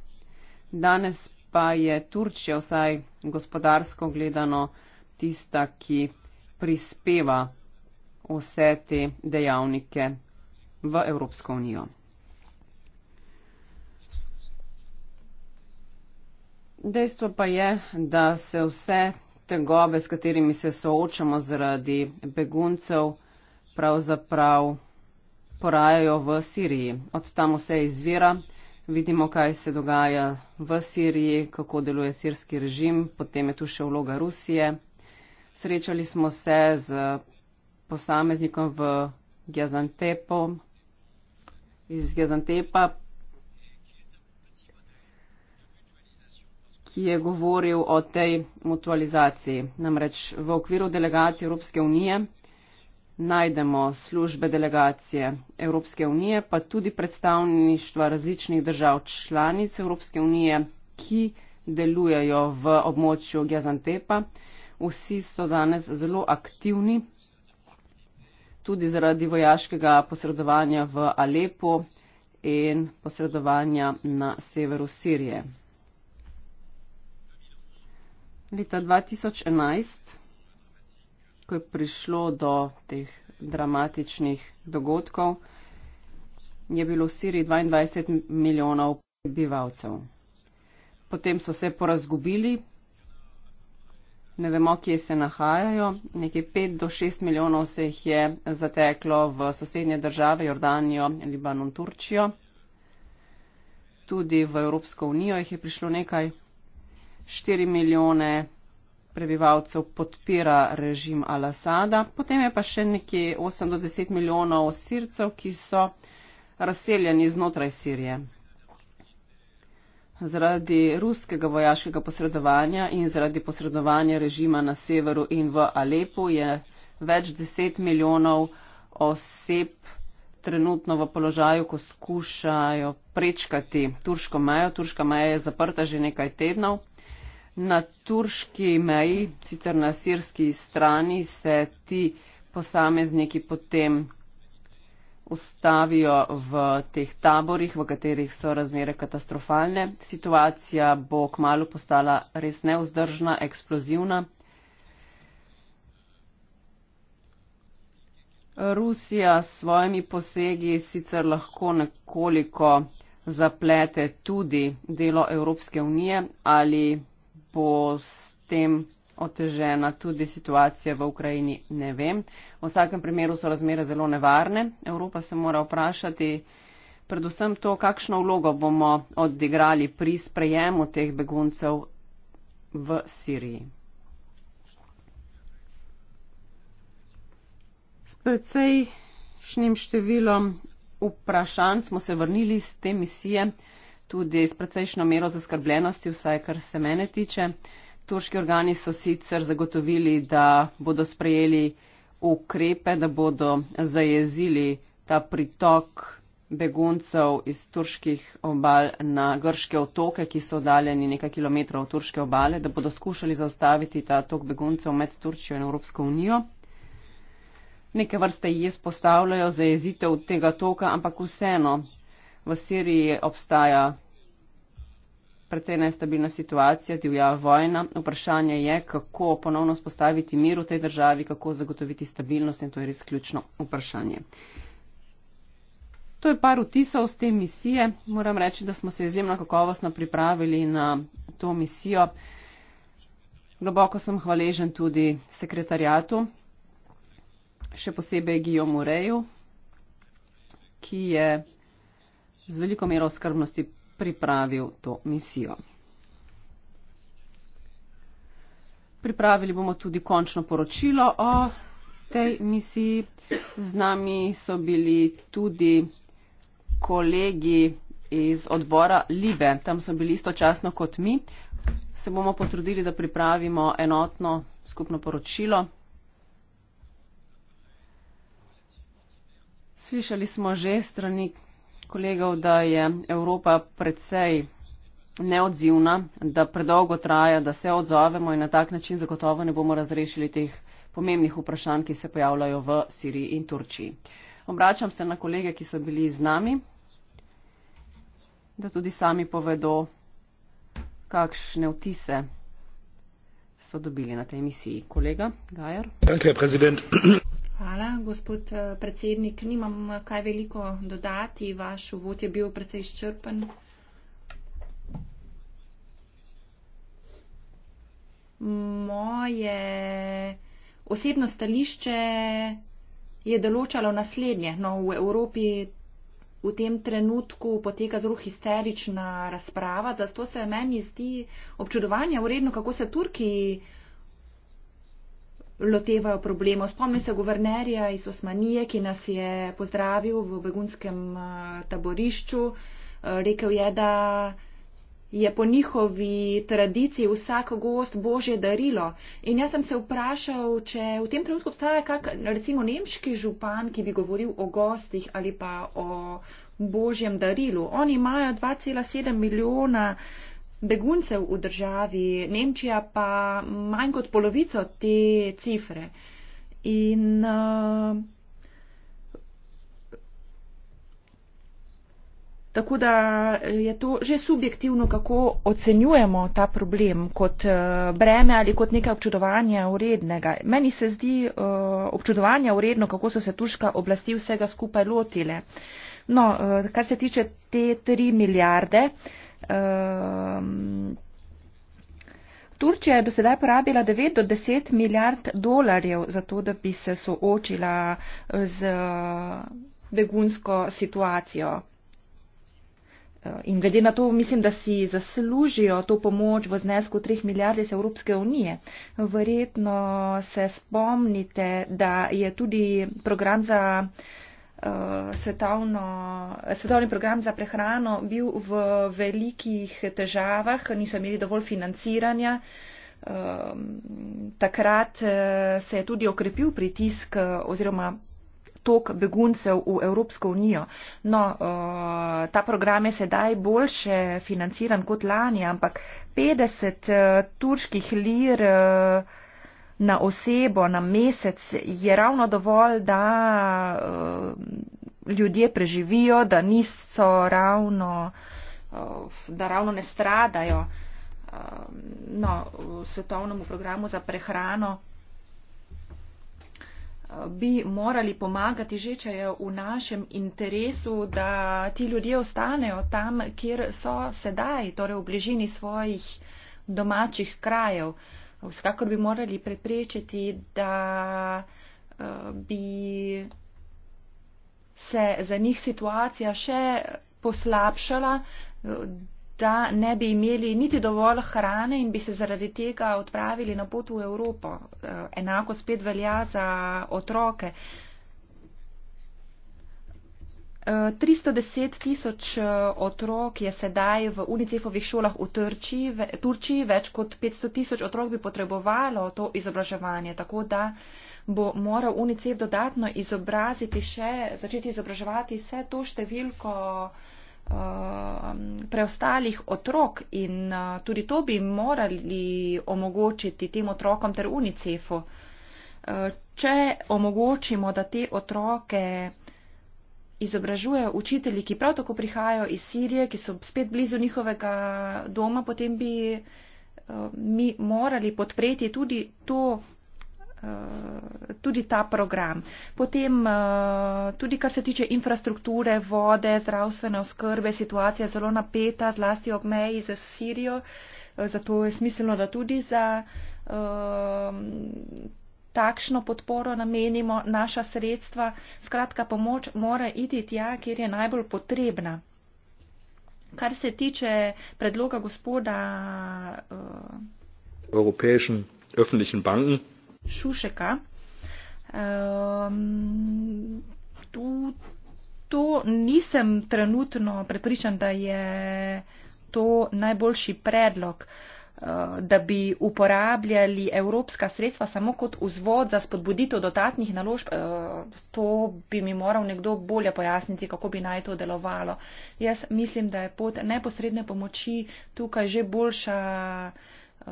Danes pa je Turčija vsaj gospodarsko gledano tista, ki prispeva vse te dejavnike v Evropsko unijo. Dejstvo pa je, da se vse tegobe, s katerimi se soočamo zaradi beguncev, pravzaprav porajajo v Siriji. Od tam vse izvira vidimo, kaj se dogaja v Siriji, kako deluje sirski režim, potem je tu še vloga Rusije. Srečali smo se z posameznikom v Gazantepo, iz Gazantepa, ki je govoril o tej mutualizaciji. Namreč v okviru delegacije Evropske unije najdemo službe delegacije Evropske unije, pa tudi predstavništva različnih držav članic Evropske unije, ki delujejo v območju Gazantepa. Vsi so danes zelo aktivni, tudi zaradi vojaškega posredovanja v Alepo in posredovanja na severu Sirije. Leta 2011 ko je prišlo do teh dramatičnih dogodkov, je bilo v Siriji 22 milijonov bivalcev. Potem so se porazgubili, ne vemo, kje se nahajajo, nekje 5 do 6 milijonov se jih je zateklo v sosednje države Jordanijo, Libanon, Turčijo. Tudi v Evropsko unijo jih je prišlo nekaj 4 milijone prebivalcev podpira režim Al-Asada. Potem je pa še nekje 8 do 10 milijonov sircev, ki so razseljeni znotraj Sirije. Zaradi ruskega vojaškega posredovanja in zaradi posredovanja režima na severu in v Alepu je več deset milijonov oseb trenutno v položaju, ko skušajo prečkati turško mejo. Turška meja je zaprta že nekaj tednov. Na turški meji, sicer na sirski strani, se ti posamezniki potem ustavijo v teh taborih, v katerih so razmere katastrofalne. Situacija bo kmalo postala res neuzdržna, eksplozivna. Rusija s svojimi posegi sicer lahko nekoliko zaplete tudi delo Evropske unije ali bo s tem otežena tudi situacija v Ukrajini, ne vem. V vsakem primeru so razmere zelo nevarne. Evropa se mora vprašati predvsem to, kakšno vlogo bomo odigrali pri sprejemu teh beguncev v Siriji. S precejšnjim številom vprašanj smo se vrnili z te misije tudi s precejšno mero zaskrbljenosti, vsaj kar se mene tiče. Turški organi so sicer zagotovili, da bodo sprejeli ukrepe, da bodo zajezili ta pritok beguncev iz turških obal na grške otoke, ki so oddaljeni nekaj kilometrov od turške obale, da bodo skušali zaustaviti ta tok beguncev med Turčijo in Evropsko unijo. Neke vrste jih spostavljajo za jezitev tega toka, ampak vseeno v Siriji obstaja predvsej nestabilna situacija, divja vojna. Vprašanje je, kako ponovno spostaviti mir v tej državi, kako zagotoviti stabilnost in to je res ključno vprašanje. To je par vtisov z te misije. Moram reči, da smo se izjemno kakovostno pripravili na to misijo. Globoko sem hvaležen tudi sekretarjatu, še posebej Gijo Moreju, ki je z veliko mero skrbnosti pripravil to misijo. Pripravili bomo tudi končno poročilo o tej misiji. Z nami so bili tudi kolegi iz odbora Libe. Tam so bili istočasno kot mi. Se bomo potrudili, da pripravimo enotno skupno poročilo. Slišali smo že strani kolegov, da je Evropa predvsej neodzivna, da predolgo traja, da se odzovemo in na tak način zagotovo ne bomo razrešili teh pomembnih vprašanj, ki se pojavljajo v Siriji in Turčiji. Obračam se na kolege, ki so bili z nami, da tudi sami povedo, kakšne vtise so dobili na tej misiji. Kolega Gajer. Hvala, gospod eh, predsednik. Nimam eh, kaj veliko dodati. Vaš uvod je bil precej izčrpen. Moje osebno stališče je določalo naslednje. No, v Evropi v tem trenutku poteka zelo histerična razprava, zato se meni zdi občudovanje vredno, kako se Turki lotevajo problemov. Spomnim se guvernerja iz Osmanije, ki nas je pozdravil v begunskem eh, taborišču. Eh, rekel je, da je po njihovi tradiciji vsak gost božje darilo. In jaz sem se vprašal, če v tem trenutku obstaja kak, recimo, nemški župan, ki bi govoril o gostih ali pa o božjem darilu. Oni imajo 2,7 milijona uh, beguncev v državi, Nemčija pa manj kot polovico te cifre. In uh, tako da je to že subjektivno, kako ocenjujemo ta problem kot uh, breme ali kot nekaj občudovanja urednega. Meni se zdi uh, občudovanja uredno, kako so se tuška oblasti vsega skupaj lotile. No, uh, kar se tiče te tri milijarde, uh, Ehm, Turčija je do sedaj porabila 9 do 10 milijard dolarjev za to, da bi se soočila z eh, begunsko situacijo. Eh, in glede na to, mislim, da si zaslužijo to pomoč v znesku 3 milijarde iz Evropske unije. Verjetno se spomnite, da je tudi program za. Uh, Eh, svetovno, svetovni program za prehrano bil v velikih težavah, niso imeli dovolj financiranja. Takrat eh, se je tudi okrepil pritisk eh, oziroma tok beguncev v Evropsko unijo. No, ta program je sedaj boljše financiran kot lani, ampak 50 turških lir na osebo, na mesec je ravno dovolj, da eh, ljudje preživijo, da niso ravno, eh, da ravno ne stradajo. Eh, no, v svetovnemu programu za prehrano bi morali pomagati že, če je v našem interesu, da ti ljudje ostanejo tam, kjer so sedaj, torej v bližini svojih domačih krajev vsekakor bi morali preprečiti, da eh, bi se za njih situacija še poslabšala, da ne bi imeli niti dovolj hrane in bi se zaradi tega odpravili na pot v Evropo. Eh, enako spet velja za otroke. 310 tisoč eh, otrok je sedaj v UNICEF-ovih šolah v Turčiji, v Turčiji, več kot 500 tisoč otrok bi potrebovalo to izobraževanje, tako da bo moral UNICEF dodatno izobraziti še, začeti izobraževati vse to številko uh, preostalih otrok in uh, tudi to bi morali omogočiti tem otrokom ter UNICEF-u. Uh, če omogočimo, da te otroke uh, izobražujejo učitelji, ki prav tako prihajajo iz Sirije, ki so spet blizu njihovega doma, potem bi eh, mi morali podpreti tudi, to, eh, tudi ta program. Potem eh, tudi, kar se tiče infrastrukture, vode, zdravstvene oskrbe, situacija je zelo napeta, zlasti ob meji z Sirijo. Zato je smiselno, da tudi za takšno podporo namenimo, naša sredstva, skratka pomoč mora iti tja, kjer je najbolj potrebna. Kar se tiče predloga gospoda uh, Šušeka, um, tu, to nisem trenutno prepričan, da je to najboljši predlog. Uh, Eh, da bi uporabljali evropska sredstva samo kot vzvod za spodbuditev dodatnih naložb, eh, to bi mi moral nekdo bolje pojasniti, kako bi naj to delovalo. Jaz mislim, da je pot neposredne pomoči tukaj že boljša, eh,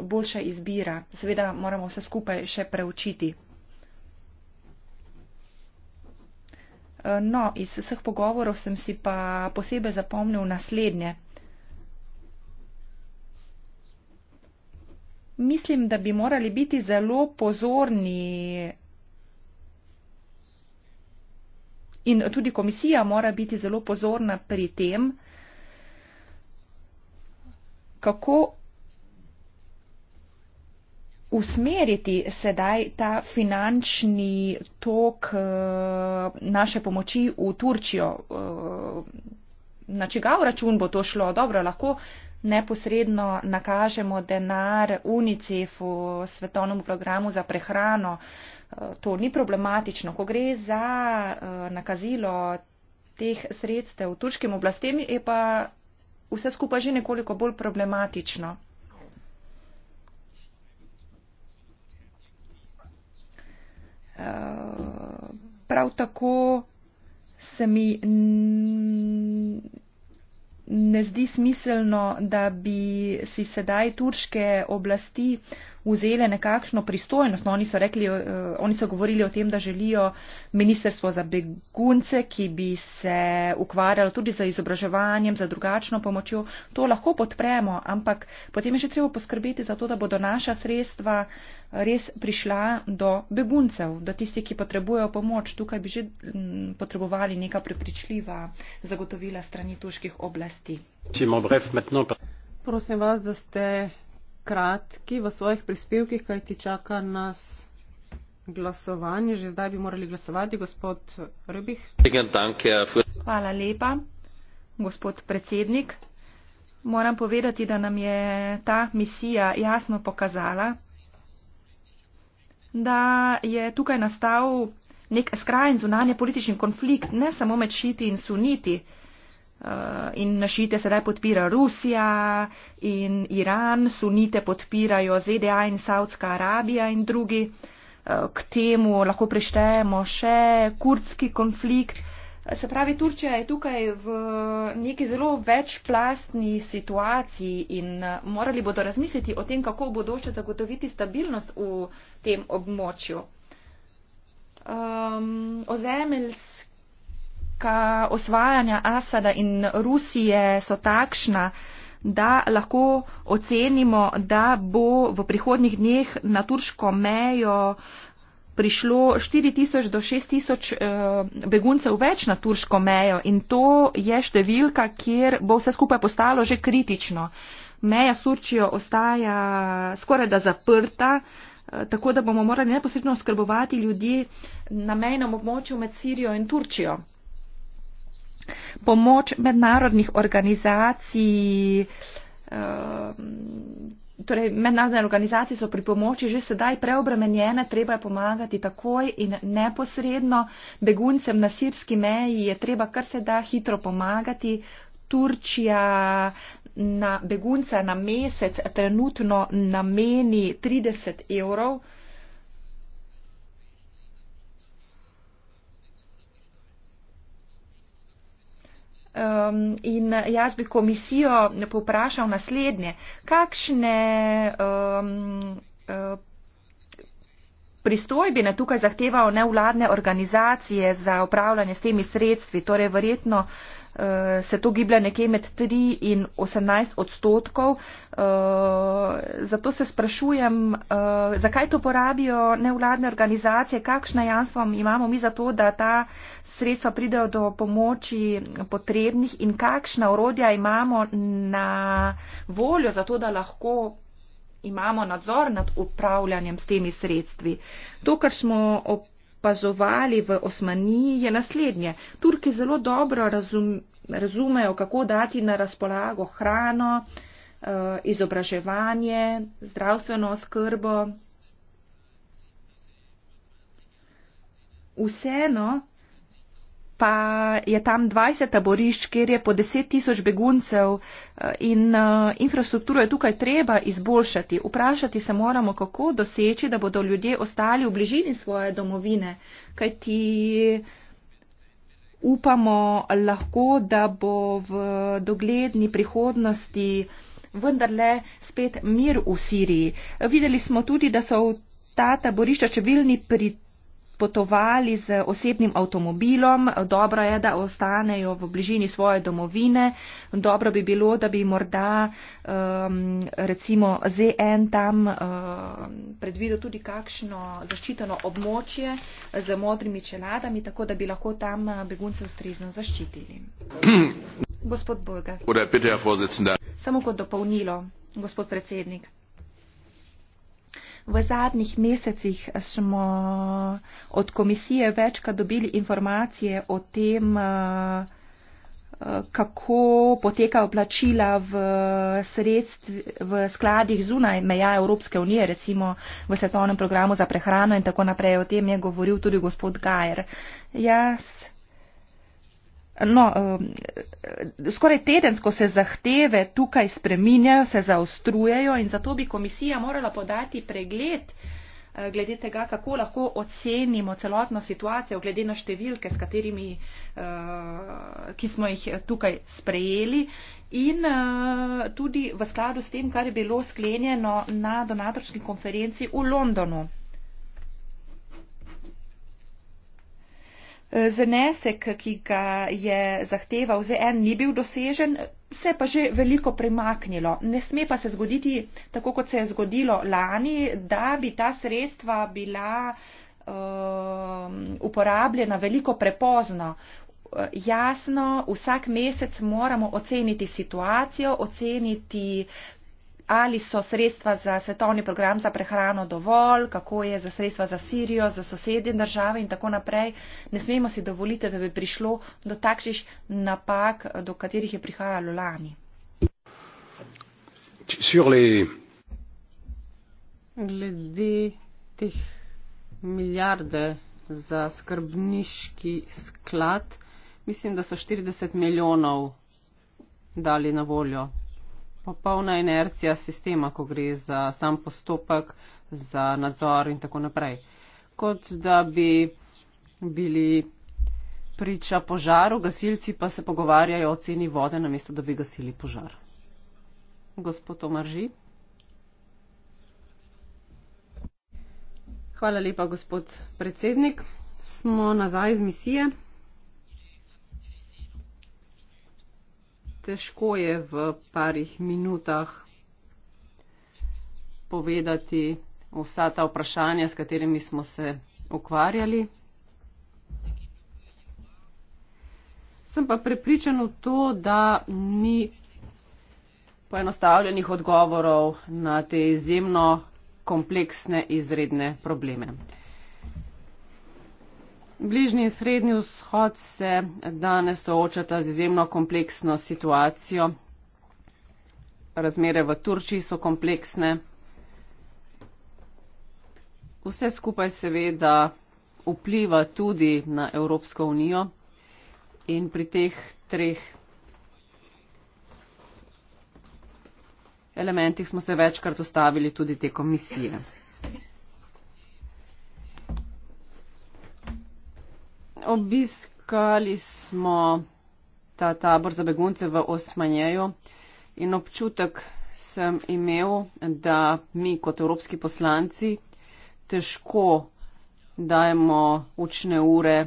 boljša izbira. Seveda moramo vse skupaj še preučiti. No, iz vseh pogovorov sem si pa posebej zapomnil naslednje. mislim, da bi morali biti zelo pozorni in tudi komisija mora biti zelo pozorna pri tem, kako usmeriti sedaj ta finančni tok eh, naše pomoči v Turčijo. Eh, na čigav račun bo to šlo? Dobro, lahko neposredno nakažemo denar UNICEF-u, svetovnemu programu za prehrano. Eh, to ni problematično. Ko gre za eh, nakazilo teh sredstev turškim oblastem, je pa vse skupaj že nekoliko bolj problematično. Eh, prav tako se mi ne zdi smiselno, da bi si sedaj turške oblasti vzele nekakšno pristojnost. No, oni, so rekli, uh, oni so govorili o tem, da želijo ministerstvo za begunce, ki bi se ukvarjalo tudi za izobraževanjem, za drugačno pomočjo. To lahko podpremo, ampak potem je še treba poskrbeti za to, da bodo naša sredstva res prišla do beguncev, do tistih, ki potrebujejo pomoč. Tukaj bi že potrebovali neka prepričljiva zagotovila strani tuških oblasti. Prosim vas, da ste kratki v svojih prispevkih, kaj ti čaka nas. Glasovanje, že zdaj bi morali glasovati, gospod Rebih. Hvala lepa, gospod predsednik. Moram povedati, da nam je ta misija jasno pokazala, da je tukaj nastal nek skrajen zunanje politični konflikt, ne samo med šiti in suniti, Eh, in šite sedaj podpira Rusija in Iran, sunite podpirajo ZDA in Saudska Arabija in drugi. Eh, k temu lahko prištejemo še kurdski konflikt. Eh, se pravi, Turčija je tukaj v neki zelo večplastni situaciji in morali bodo razmisliti o tem, kako bodo še zagotoviti stabilnost v tem območju. Um, ozemelj politika osvajanja Asada in Rusije so takšna, da lahko ocenimo, da bo v prihodnjih dneh na turško mejo prišlo 4000 do 6000 eh, beguncev več na turško mejo in to je številka, kjer bo vse skupaj postalo že kritično. Meja s Turčijo ostaja skoraj da zaprta, eh, tako da bomo morali neposredno oskrbovati ljudi na mejnem območju med Sirijo in Turčijo pomoč mednarodnih organizacij, eh, torej mednarodne organizacije so pri pomoči že sedaj preobremenjene, treba je pomagati takoj in neposredno. Beguncem na sirski meji je treba kar se da hitro pomagati. Turčija na begunca na mesec trenutno nameni 30 evrov. Um, in jaz bi komisijo poprašal naslednje, kakšne um, uh, pristojbine tukaj zahtevajo nevladne organizacije za upravljanje s temi sredstvi, torej verjetno uh, Eh, se to giblja nekje med 3 in 18 odstotkov. Eh, zato se sprašujem, eh, zakaj to porabijo nevladne organizacije, kakšna jamstva imamo mi za to, da ta sredstva pridejo do pomoči potrebnih in kakšna orodja imamo na voljo za to, da lahko imamo nadzor nad upravljanjem s temi sredstvi. To, kar smo opravili, opazovali v Osmaniji, je naslednje. Turki zelo dobro razum, razumejo, kako dati na razpolago hrano, eh, izobraževanje, zdravstveno oskrbo. Vseeno pa je tam 20 taborišč, kjer je po 10 tisoč beguncev eh, in eh, infrastrukturo je tukaj treba izboljšati. Vprašati se moramo, kako doseči, da bodo ljudje ostali v bližini svoje domovine, kajti upamo lahko, da bo v dogledni prihodnosti vendarle spet mir v Siriji. Videli smo tudi, da so ta taborišča številni pritekli potovali z osebnim avtomobilom. Dobro je, da ostanejo v bližini svoje domovine. Dobro bi bilo, da bi morda um, recimo ZN tam um, predvidel tudi kakšno zaščiteno območje z modrimi čeladami, tako da bi lahko tam uh, begunce ustrezno zaščitili. Gospod Bojga. Samo kot dopolnilo, gospod predsednik. V zadnjih mesecih smo od komisije večkrat dobili informacije o tem, eh, kako potekajo plačila v, sredstv, v skladih zunaj meja Evropske unije, recimo v svetovnem programu za prehrano in tako naprej. O tem je govoril tudi gospod Gajer. Jaz No, eh, skoraj tedensko se zahteve tukaj spreminjajo, se zaostrujejo in zato bi komisija morala podati pregled eh, glede tega, kako lahko ocenimo celotno situacijo, glede na številke, s katerimi, eh, ki smo jih tukaj sprejeli in tudi v skladu s tem, kar je bilo sklenjeno na donatorski konferenci v Londonu. Zanesek, ki ga je zahteval ZN, ni bil dosežen, se pa že veliko premaknilo. Ne sme pa se zgoditi tako, kot se je zgodilo lani, da bi ta sredstva bila um, uporabljena veliko prepozno. Jasno, vsak mesec moramo oceniti situacijo, oceniti, ali so sredstva za svetovni program za prehrano dovolj, kako je za sredstva za Sirijo, za sosednje države in tako naprej. Ne smemo si dovoliti, da bi prišlo do takšnih napak, do katerih je prihajalo lani. Glede teh milijarde za skrbniški sklad, mislim, da so 40 milijonov dali na voljo popolna inercija sistema, ko gre za sam postopek, za nadzor in tako naprej. Kot da bi bili priča požaru, gasilci pa se pogovarjajo o ceni vode, namesto da bi gasili požar. Gospod Omarži. Hvala lepa, gospod predsednik. Smo nazaj z misije. težko je v parih minutah povedati vsa ta vprašanja, s katerimi smo se ukvarjali. Sem pa prepričan v to, da ni poenostavljenih odgovorov na te izjemno kompleksne izredne probleme. Bližnji in srednji vzhod se danes soočata z izjemno kompleksno situacijo. Razmere v Turčiji so kompleksne. Vse skupaj seveda vpliva tudi na Evropsko unijo in pri teh treh elementih smo se večkrat ustavili tudi te komisije. Obiskali smo ta tabor za begunce v Osmanjeju in občutek sem imel, da mi kot evropski poslanci težko dajemo učne ure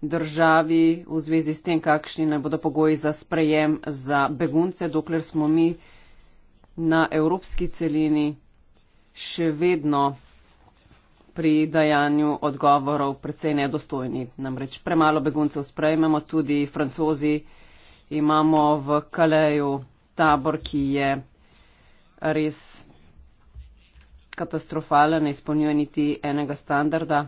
državi v zvezi s tem, kakšni naj bodo pogoji za sprejem za begunce, dokler smo mi na evropski celini še vedno pri dajanju odgovorov predvsej nedostojni. Namreč premalo beguncev sprejmemo, tudi francozi imamo v Kaleju tabor, ki je res katastrofalen, ne izpolnjuje niti enega standarda.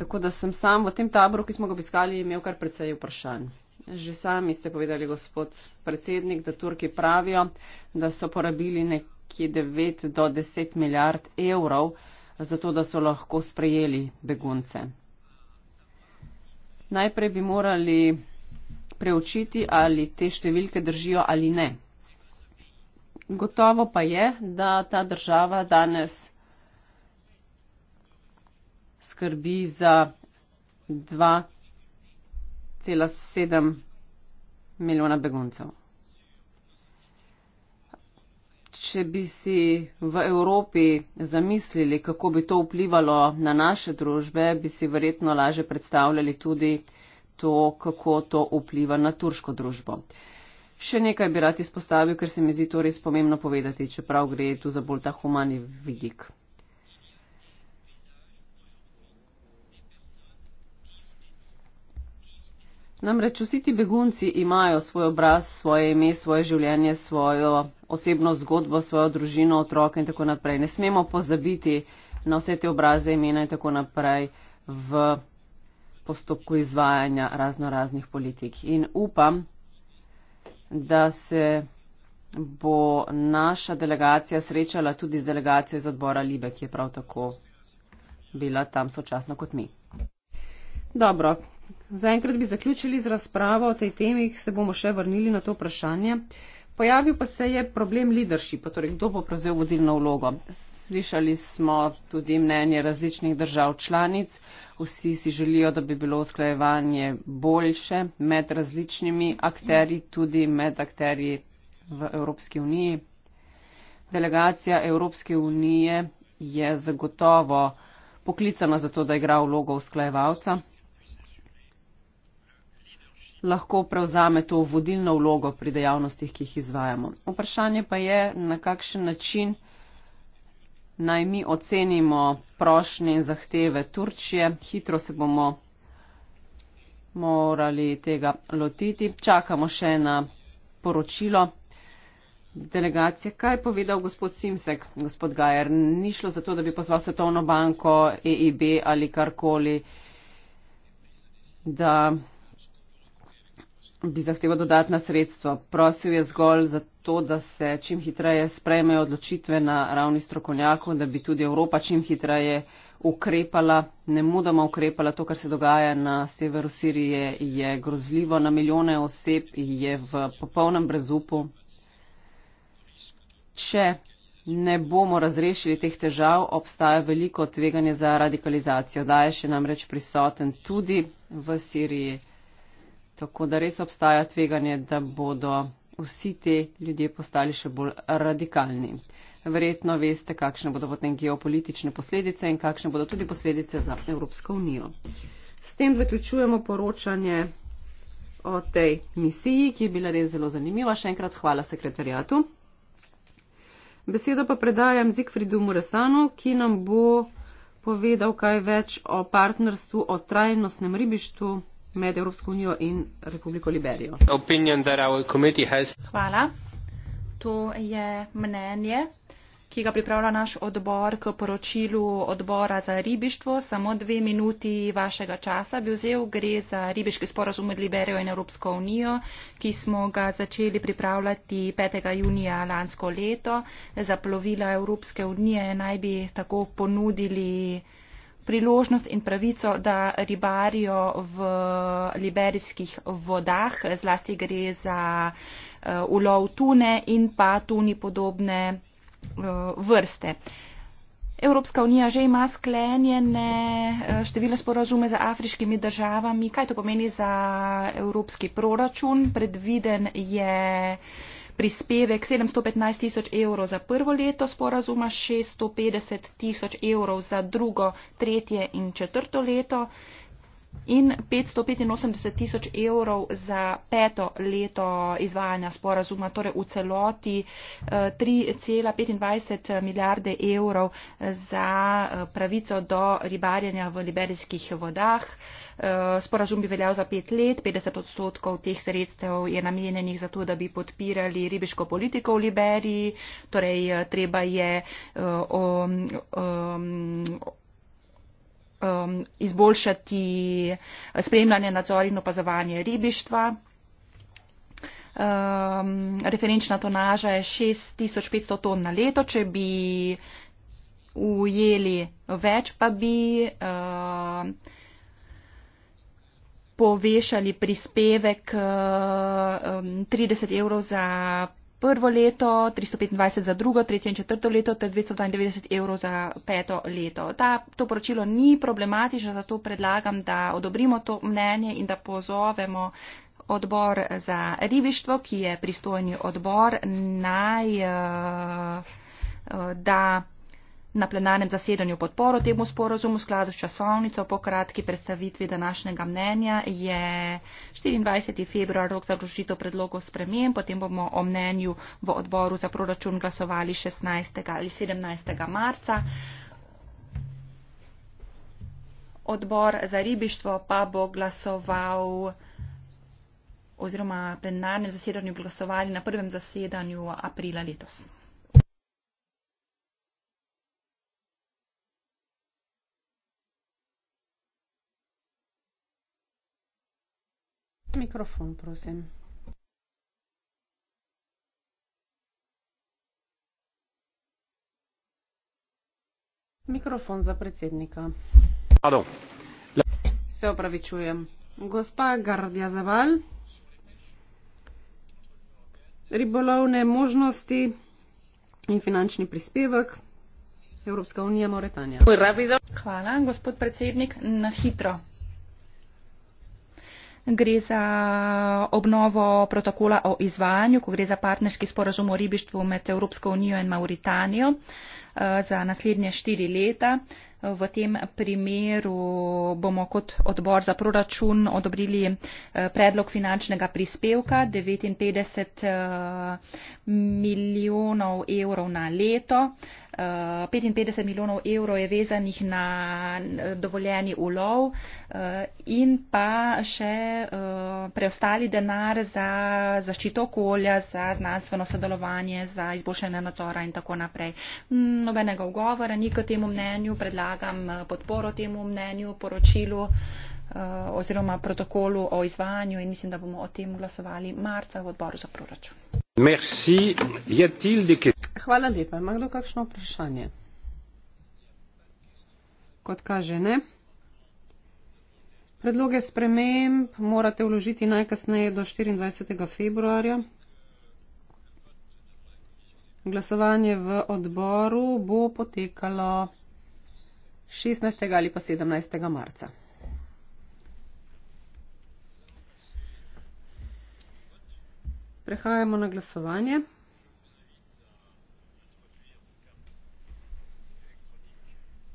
Tako da sem sam v tem taboru, ki smo ga obiskali, imel kar predvsej vprašanj. Že sami ste povedali, gospod predsednik, da Turki pravijo, da so porabili nekje 9 do 10 milijard evrov zato da so lahko sprejeli begunce. Najprej bi morali preučiti, ali te številke držijo ali ne. Gotovo pa je, da ta država danes skrbi za 2,7 milijona beguncev če bi si v Evropi zamislili, kako bi to vplivalo na naše družbe, bi si verjetno laže predstavljali tudi to, kako to vpliva na turško družbo. Še nekaj bi rad izpostavil, ker se mi zdi to res pomembno povedati, čeprav gre tu za bolj ta humani vidik. Namreč vsi ti begunci imajo svoj obraz, svoje ime, svoje življenje, svojo osebno zgodbo, svojo družino, otroke in tako naprej. Ne smemo pozabiti na vse te obraze, imena in tako naprej v postopku izvajanja razno raznih politik. In upam, da se bo naša delegacija srečala tudi z delegacijo iz odbora Libe, ki je prav tako bila tam sočasno kot mi. Dobro, Zaenkrat bi zaključili z razpravo o tej temi, se bomo še vrnili na to vprašanje. Pojavil pa se je problem leadershipa, torej kdo bo prevzel vodilno vlogo. Slišali smo tudi mnenje različnih držav članic. Vsi si želijo, da bi bilo usklajevanje boljše med različnimi akteri, tudi med akteri v Evropski uniji. Delegacija Evropske unije je zagotovo poklicana za to, da igra vlogo usklajevalca lahko prevzame to vodilno vlogo pri dejavnostih, ki jih izvajamo. Vprašanje pa je, na kakšen način naj mi ocenimo prošnje in zahteve Turčije. Hitro se bomo morali tega lotiti. Čakamo še na poročilo delegacije. Kaj je povedal gospod Simsek, gospod Gajer? Ni šlo za to, da bi pozval Svetovno banko, EIB ali karkoli, da bi zahteval dodatna sredstva. Prosil je zgolj za to, da se čim hitreje sprejmejo odločitve na ravni strokovnjakov, da bi tudi Evropa čim hitreje ukrepala, ne mudoma ukrepala. To, kar se dogaja na severu Sirije, je grozljivo. Na milijone oseb je v popolnem brezupu. Če ne bomo razrešili teh težav, obstaja veliko tveganje za radikalizacijo. Daje še namreč prisoten tudi v Siriji. Tako da res obstaja tveganje, da bodo vsi ti ljudje postali še bolj radikalni. Verjetno veste, kakšne bodo potem geopolitične posledice in kakšne bodo tudi posledice za Evropsko unijo. S tem zaključujemo poročanje o tej misiji, ki je bila res zelo zanimiva. Še enkrat hvala sekretarjatu. Besedo pa predajam Zigfridu Muresanu, ki nam bo povedal kaj več o partnerstvu, o trajnostnem ribištvu med Evropsko unijo in Republiko Liberijo. Hvala. To je mnenje, ki ga pripravlja naš odbor k poročilu odbora za ribištvo. Samo dve minuti vašega časa bi vzel. Gre za ribiški sporozum med Liberijo in Evropsko unijo, ki smo ga začeli pripravljati 5. junija lansko leto. Za plovila Evropske unije naj bi tako ponudili priložnost in pravico, da ribarijo v liberijskih vodah. Zlasti gre za uh, ulov tune in pa tuni podobne uh, vrste. Evropska unija že ima sklenjene eh, številne sporazume z afriškimi državami. Kaj to pomeni za evropski proračun? Predviden je uh, prispevek 715 tisoč evrov za prvo leto sporazuma, 650 tisoč evrov za drugo, tretje in četrto leto in 585 tisoč evrov za peto leto izvajanja sporazuma, torej v celoti 3,25 eh, milijarde evrov za eh, pravico do ribarjenja v liberijskih vodah. Eh, sporazum bi veljal za pet let, 50 odstotkov teh sredstev je namenjenih za to, da bi podpirali ribiško politiko v Liberiji, torej treba je o, o, o, um, izboljšati spremljanje, nadzor in opazovanje ribištva. Um, referenčna tonaža je 6500 ton na leto. Če bi ujeli več, pa bi uh, povešali prispevek uh, 30 um, evrov za prvo leto, 325 za drugo, tretje in četrto leto ter 292 evrov za peto leto. Ta, to poročilo ni problematično, zato predlagam, da odobrimo to mnenje in da pozovemo odbor za ribištvo, ki je pristojni odbor, naj eh, eh, da na plenarnem zasedanju podporo temu sporozumu v skladu s časovnico. Po kratki predstavitvi današnjega mnenja je 24. februar rok za vložitev predlogov spremen, potem bomo o mnenju v odboru za proračun glasovali 16. ali 17. marca. Odbor za ribištvo pa bo glasoval oziroma plenarnem zasedanju glasovali na prvem zasedanju aprila letos. mikrofon, prosim. Mikrofon za predsednika. Halo. Se opravičujem. Gospa Gardja Zaval, ribolovne možnosti in finančni prispevek Evropska unija Mauretanija. Hvala, gospod predsednik, na hitro gre za obnovo protokola o izvajanju, ko gre za partnerski sporazum o ribištvu med Evropsko unijo in Mauritanijo eh, za naslednje štiri leta. V tem primeru bomo kot odbor za proračun odobrili eh, predlog finančnega prispevka 59 eh, milijonov evrov na leto. 55 eh, milijonov evrov je vezanih na dovoljeni ulov eh, in pa še eh, preostali denar za zaščito okolja, za znanstveno sodelovanje, za izboljšanje nadzora in tako naprej. Nobenega ugovora ni k temu mnenju, predlagam podporo temu mnenju, poročilu oziroma protokolu o izvajanju in mislim, da bomo o tem glasovali marca v odboru za proračun hvala lepa ima kdo kakšno vprašanje kot kaže ne predloge sprememb morate vložiti najkasneje do 24. februarja glasovanje v odboru bo potekalo 16. ali pa 17. marca Prehajamo na glasovanje.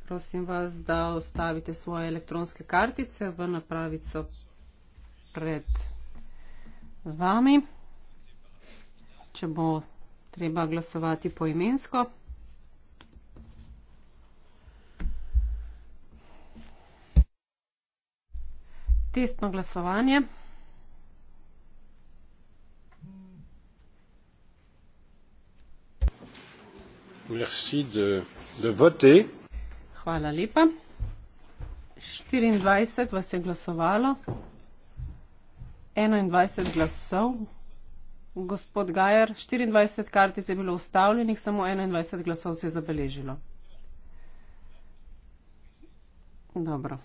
Prosim vas, da ostavite svoje elektronske kartice v napravico pred vami, če bo treba glasovati poimensko. Testno glasovanje. merci de, de voter. Hvala lepa. 24 vas je glasovalo, 21 glasov. Gospod Gajer, 24 kartic je bilo ustavljenih, samo 21 glasov se je zabeležilo. Dobro.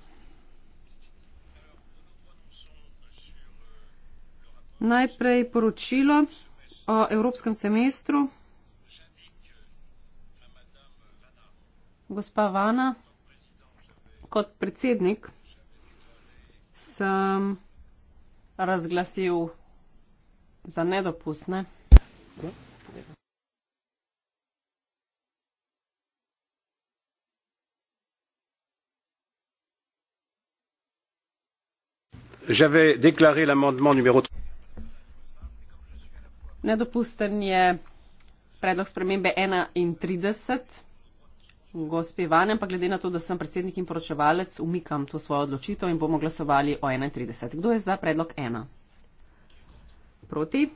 Najprej poročilo o evropskem semestru. Gospa Vana, kot predsednik sem razglasil za nedopustne. J'avais déclaré l'amendement numéro 3. Nedopusten je predlog spremembe 31. Gospe Ivane, pa glede na to, da sem predsednik in poročevalec, umikam to svojo odločitev in bomo glasovali o 31. Kdo je za predlog 1? Proti?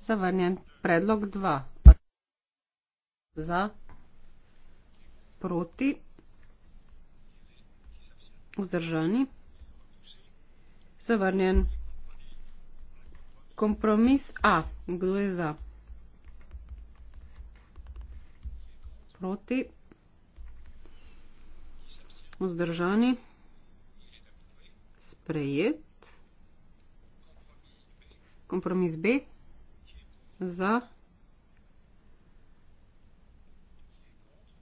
Zavrnjen. Predlog 2. Za? Proti? Vzdržani? Zavrnjen. Kompromis A. Kdo je za? proti. Vzdržani. Sprejet. Kompromis B. Za.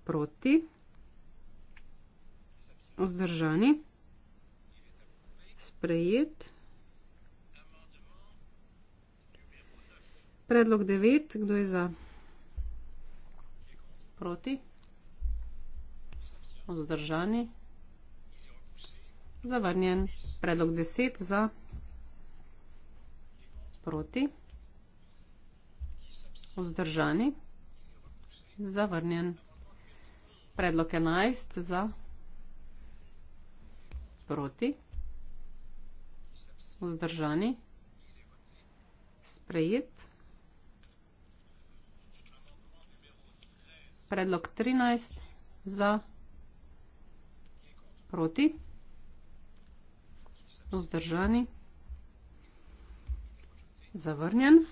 Proti. Vzdržani. Sprejet. Predlog 9. Kdo je za? Proti. Vzdržani. Zavrnjen. Predlog 10 za. Proti. Vzdržani. Zavrnjen. Predlog 11 za. Proti. Vzdržani. Sprejet. predlog 13 za proti. Vzdržani. Zavrnjen.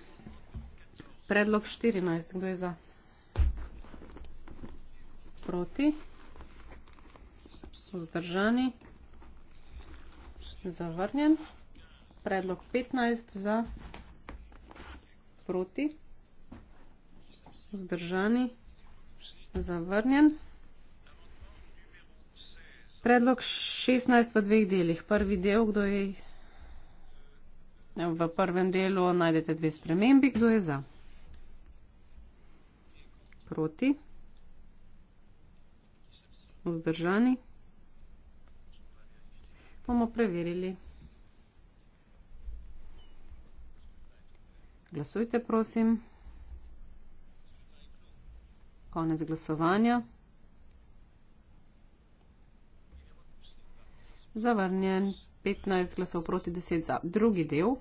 Predlog 14. Kdo je za? Proti. Vzdržani. Zavrnjen. Predlog 15 za proti. Vzdržani. Zavrnjen. Zavrnjen. Predlog 16 v dveh delih. Prvi del, kdo je v prvem delu, najdete dve spremembi, kdo je za. Proti. Vzdržani. Bomo preverili. Glasujte, prosim konec glasovanja. Zavrnjen 15 glasov proti 10 za. Drugi del.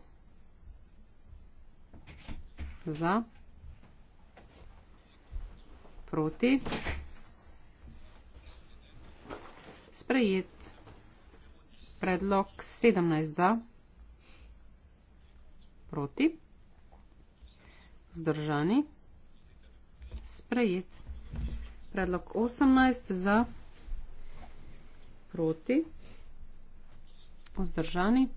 Za. Proti. Sprejet. Predlog 17 za. Proti. Zdržani sprejet. Predlog 18 za proti, vzdržani,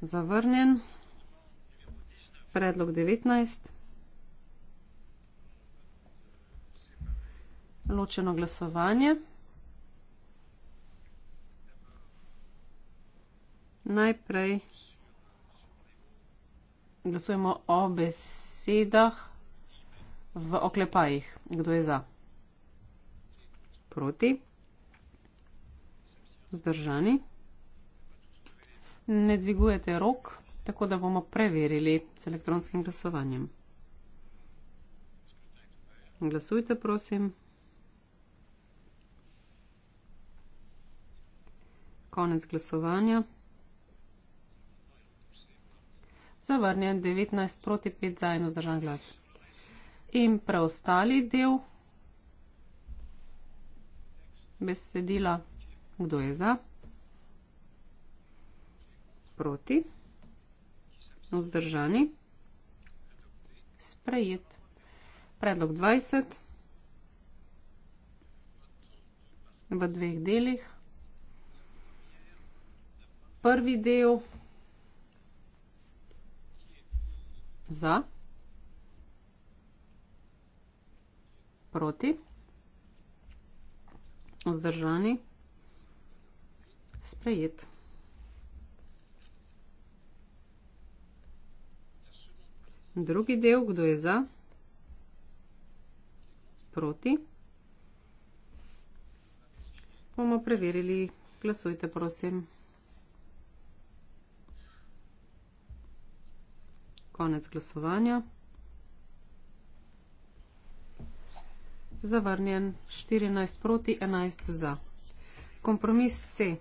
zavrnjen. Predlog 19. Ločeno glasovanje. Najprej glasujemo o besedah v oklepajih. Kdo je za? Proti? Zdržani? Ne dvigujete rok, tako da bomo preverili z elektronskim glasovanjem. Glasujte, prosim. Konec glasovanja. Zavrnjen 19 proti 5 za eno zdržan glas in preostali del besedila, kdo je za, proti, vzdržani, sprejet. Predlog 20 v dveh delih. Prvi del za. proti, vzdržani, sprejet. Drugi del, kdo je za, proti, bomo preverili, glasujte prosim. Konec glasovanja. zavrnjen 14 proti 11 za. Kompromis C.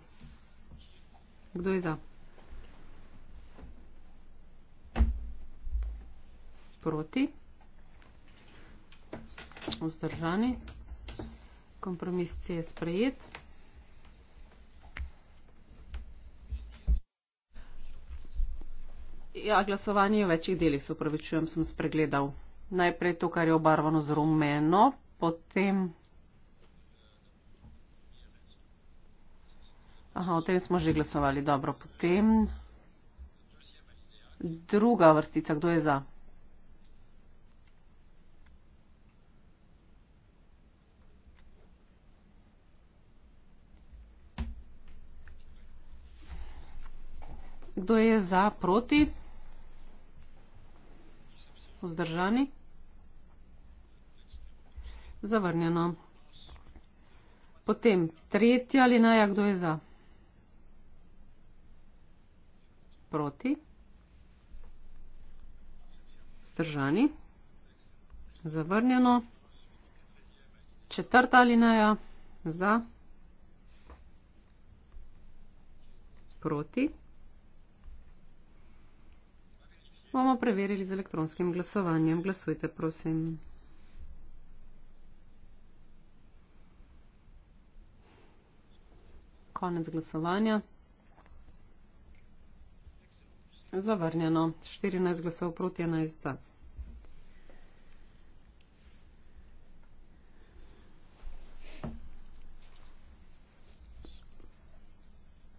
Kdo je za? Proti. Vzdržani. Kompromis C je sprejet. Ja, glasovanje je v večjih delih, se upravičujem, sem spregledal. Najprej to, kar je obarvano z rumeno, potem. Aha, o tem smo že glasovali. Dobro, potem. Druga vrstica, kdo je za? Kdo je za proti? Vzdržani. Zavrnjeno. Potem tretja alineja, kdo je za? Proti. Zdržani. Zavrnjeno. Četrta alineja, za. Proti. Bomo preverili z elektronskim glasovanjem. Glasujte, prosim. konec glasovanja. Zavrnjeno. 14 glasov proti 11.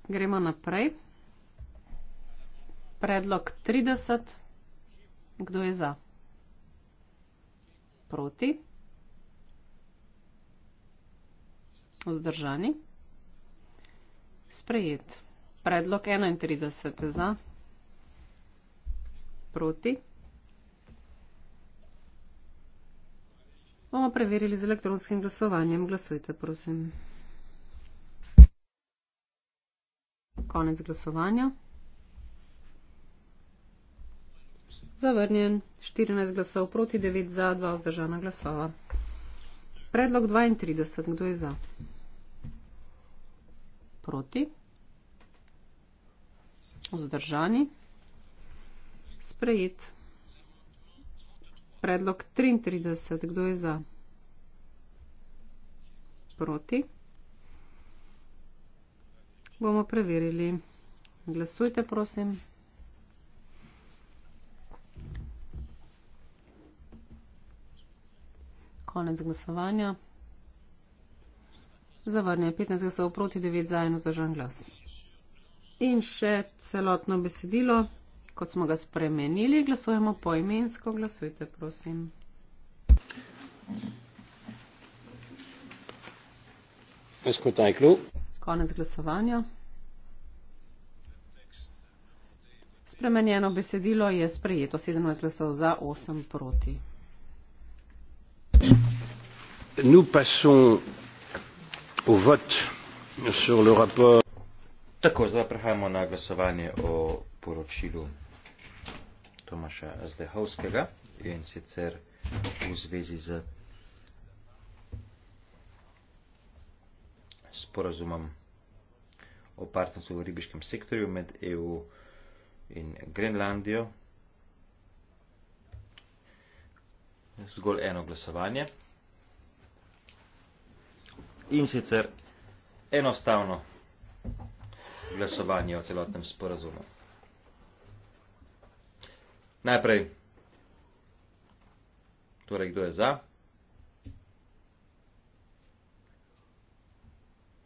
Gremo naprej. Predlog 30. Kdo je za? Proti. Vzdržani. Sprejet. Predlog 31 za. Proti. Bomo preverili z elektronskim glasovanjem. Glasujte, prosim. Konec glasovanja. Zavrnjen. 14 glasov proti, 9 za, 2 vzdržana glasova. Predlog 32. Kdo je za? proti, vzdržani, sprejet. Predlog 33, kdo je za? Proti. Bomo preverili. Glasujte, prosim. Konec glasovanja zavrnjen, 15 glasov proti, 9 za in vzdržan glas. In še celotno besedilo, kot smo ga spremenili, glasujemo poimensko, glasujte prosim. Konec glasovanja. Spremenjeno besedilo je sprejeto 17 glasov za 8 proti. Nous passons Tako, zdaj prehajamo na glasovanje o poročilu Tomaša Zdehovskega in sicer v zvezi z sporazumom o partnerstvu v ribiškem sektorju med EU in Grenlandijo. Zgolj eno glasovanje in sicer enostavno glasovanje o celotnem sporazumu. Najprej, torej kdo je za?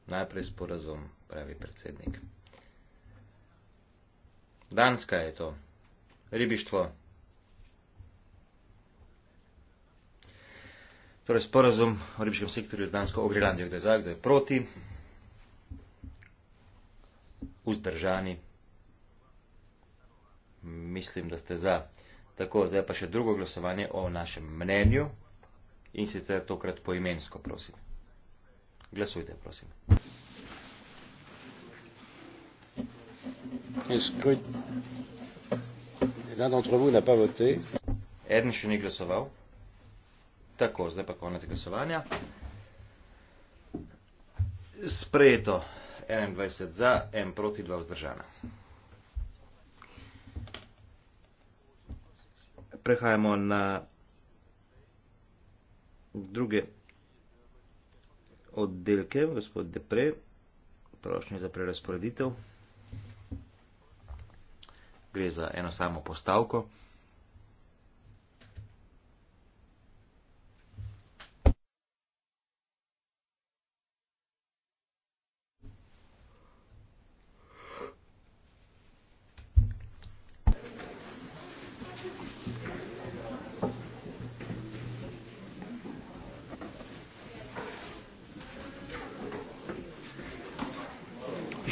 Najprej sporazum, pravi predsednik. Danska je to. Ribištvo. Torej, sporazum o ribiškem sektorju je dansko ogrilandijo, kdo je za, kdo je proti, vzdržani. Mislim, da ste za. Tako, zdaj pa še drugo glasovanje o našem mnenju in sicer tokrat poimensko, prosim. Glasujte, prosim. Eden še ni glasoval. Tako, zdaj pa konec glasovanja. Sprejeto 21 za, 1 proti, 2 vzdržana. Prehajamo na druge oddelke, gospod Depre, prošnje za prerasporeditev. Gre za eno samo postavko.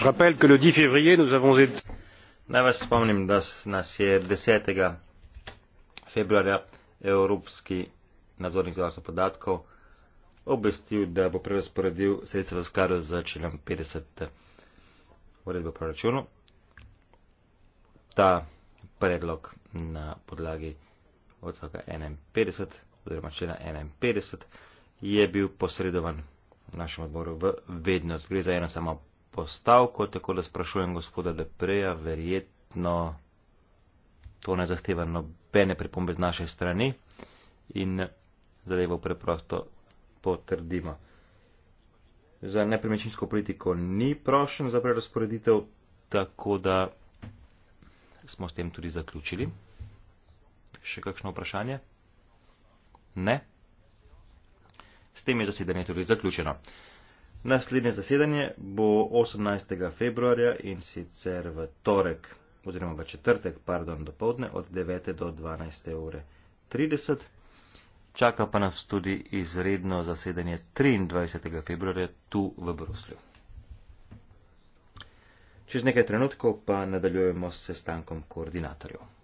rappelle que le 10 février, nous avons été. Naj vas spomnim, da nas je 10. februarja Evropski nadzornik za varstvo podatkov obvestil, da bo prerasporedil sredstva v skladu z členom 50 uredbe o proračunu. Ta predlog na podlagi odstavka 51 oziroma člena 51 je bil posredovan našem odboru v vednost. Gre za eno samo postavko, tako da sprašujem gospoda Depreja, verjetno to ne zahteva nobene pripombe z naše strani in zadevo preprosto potrdimo. Za nepremičninsko politiko ni prošen za prerasporeditev, tako da smo s tem tudi zaključili. Še kakšno vprašanje? Ne. S tem je zasedanje tudi zaključeno. Naslednje zasedanje bo 18. februarja in sicer v torek, oziroma v četrtek, pardon, do povdne od 9. do 12. ure 30. Čaka pa nas tudi izredno zasedanje 23. februarja tu v Bruslju. Čez nekaj trenutkov pa nadaljujemo s sestankom koordinatorjev.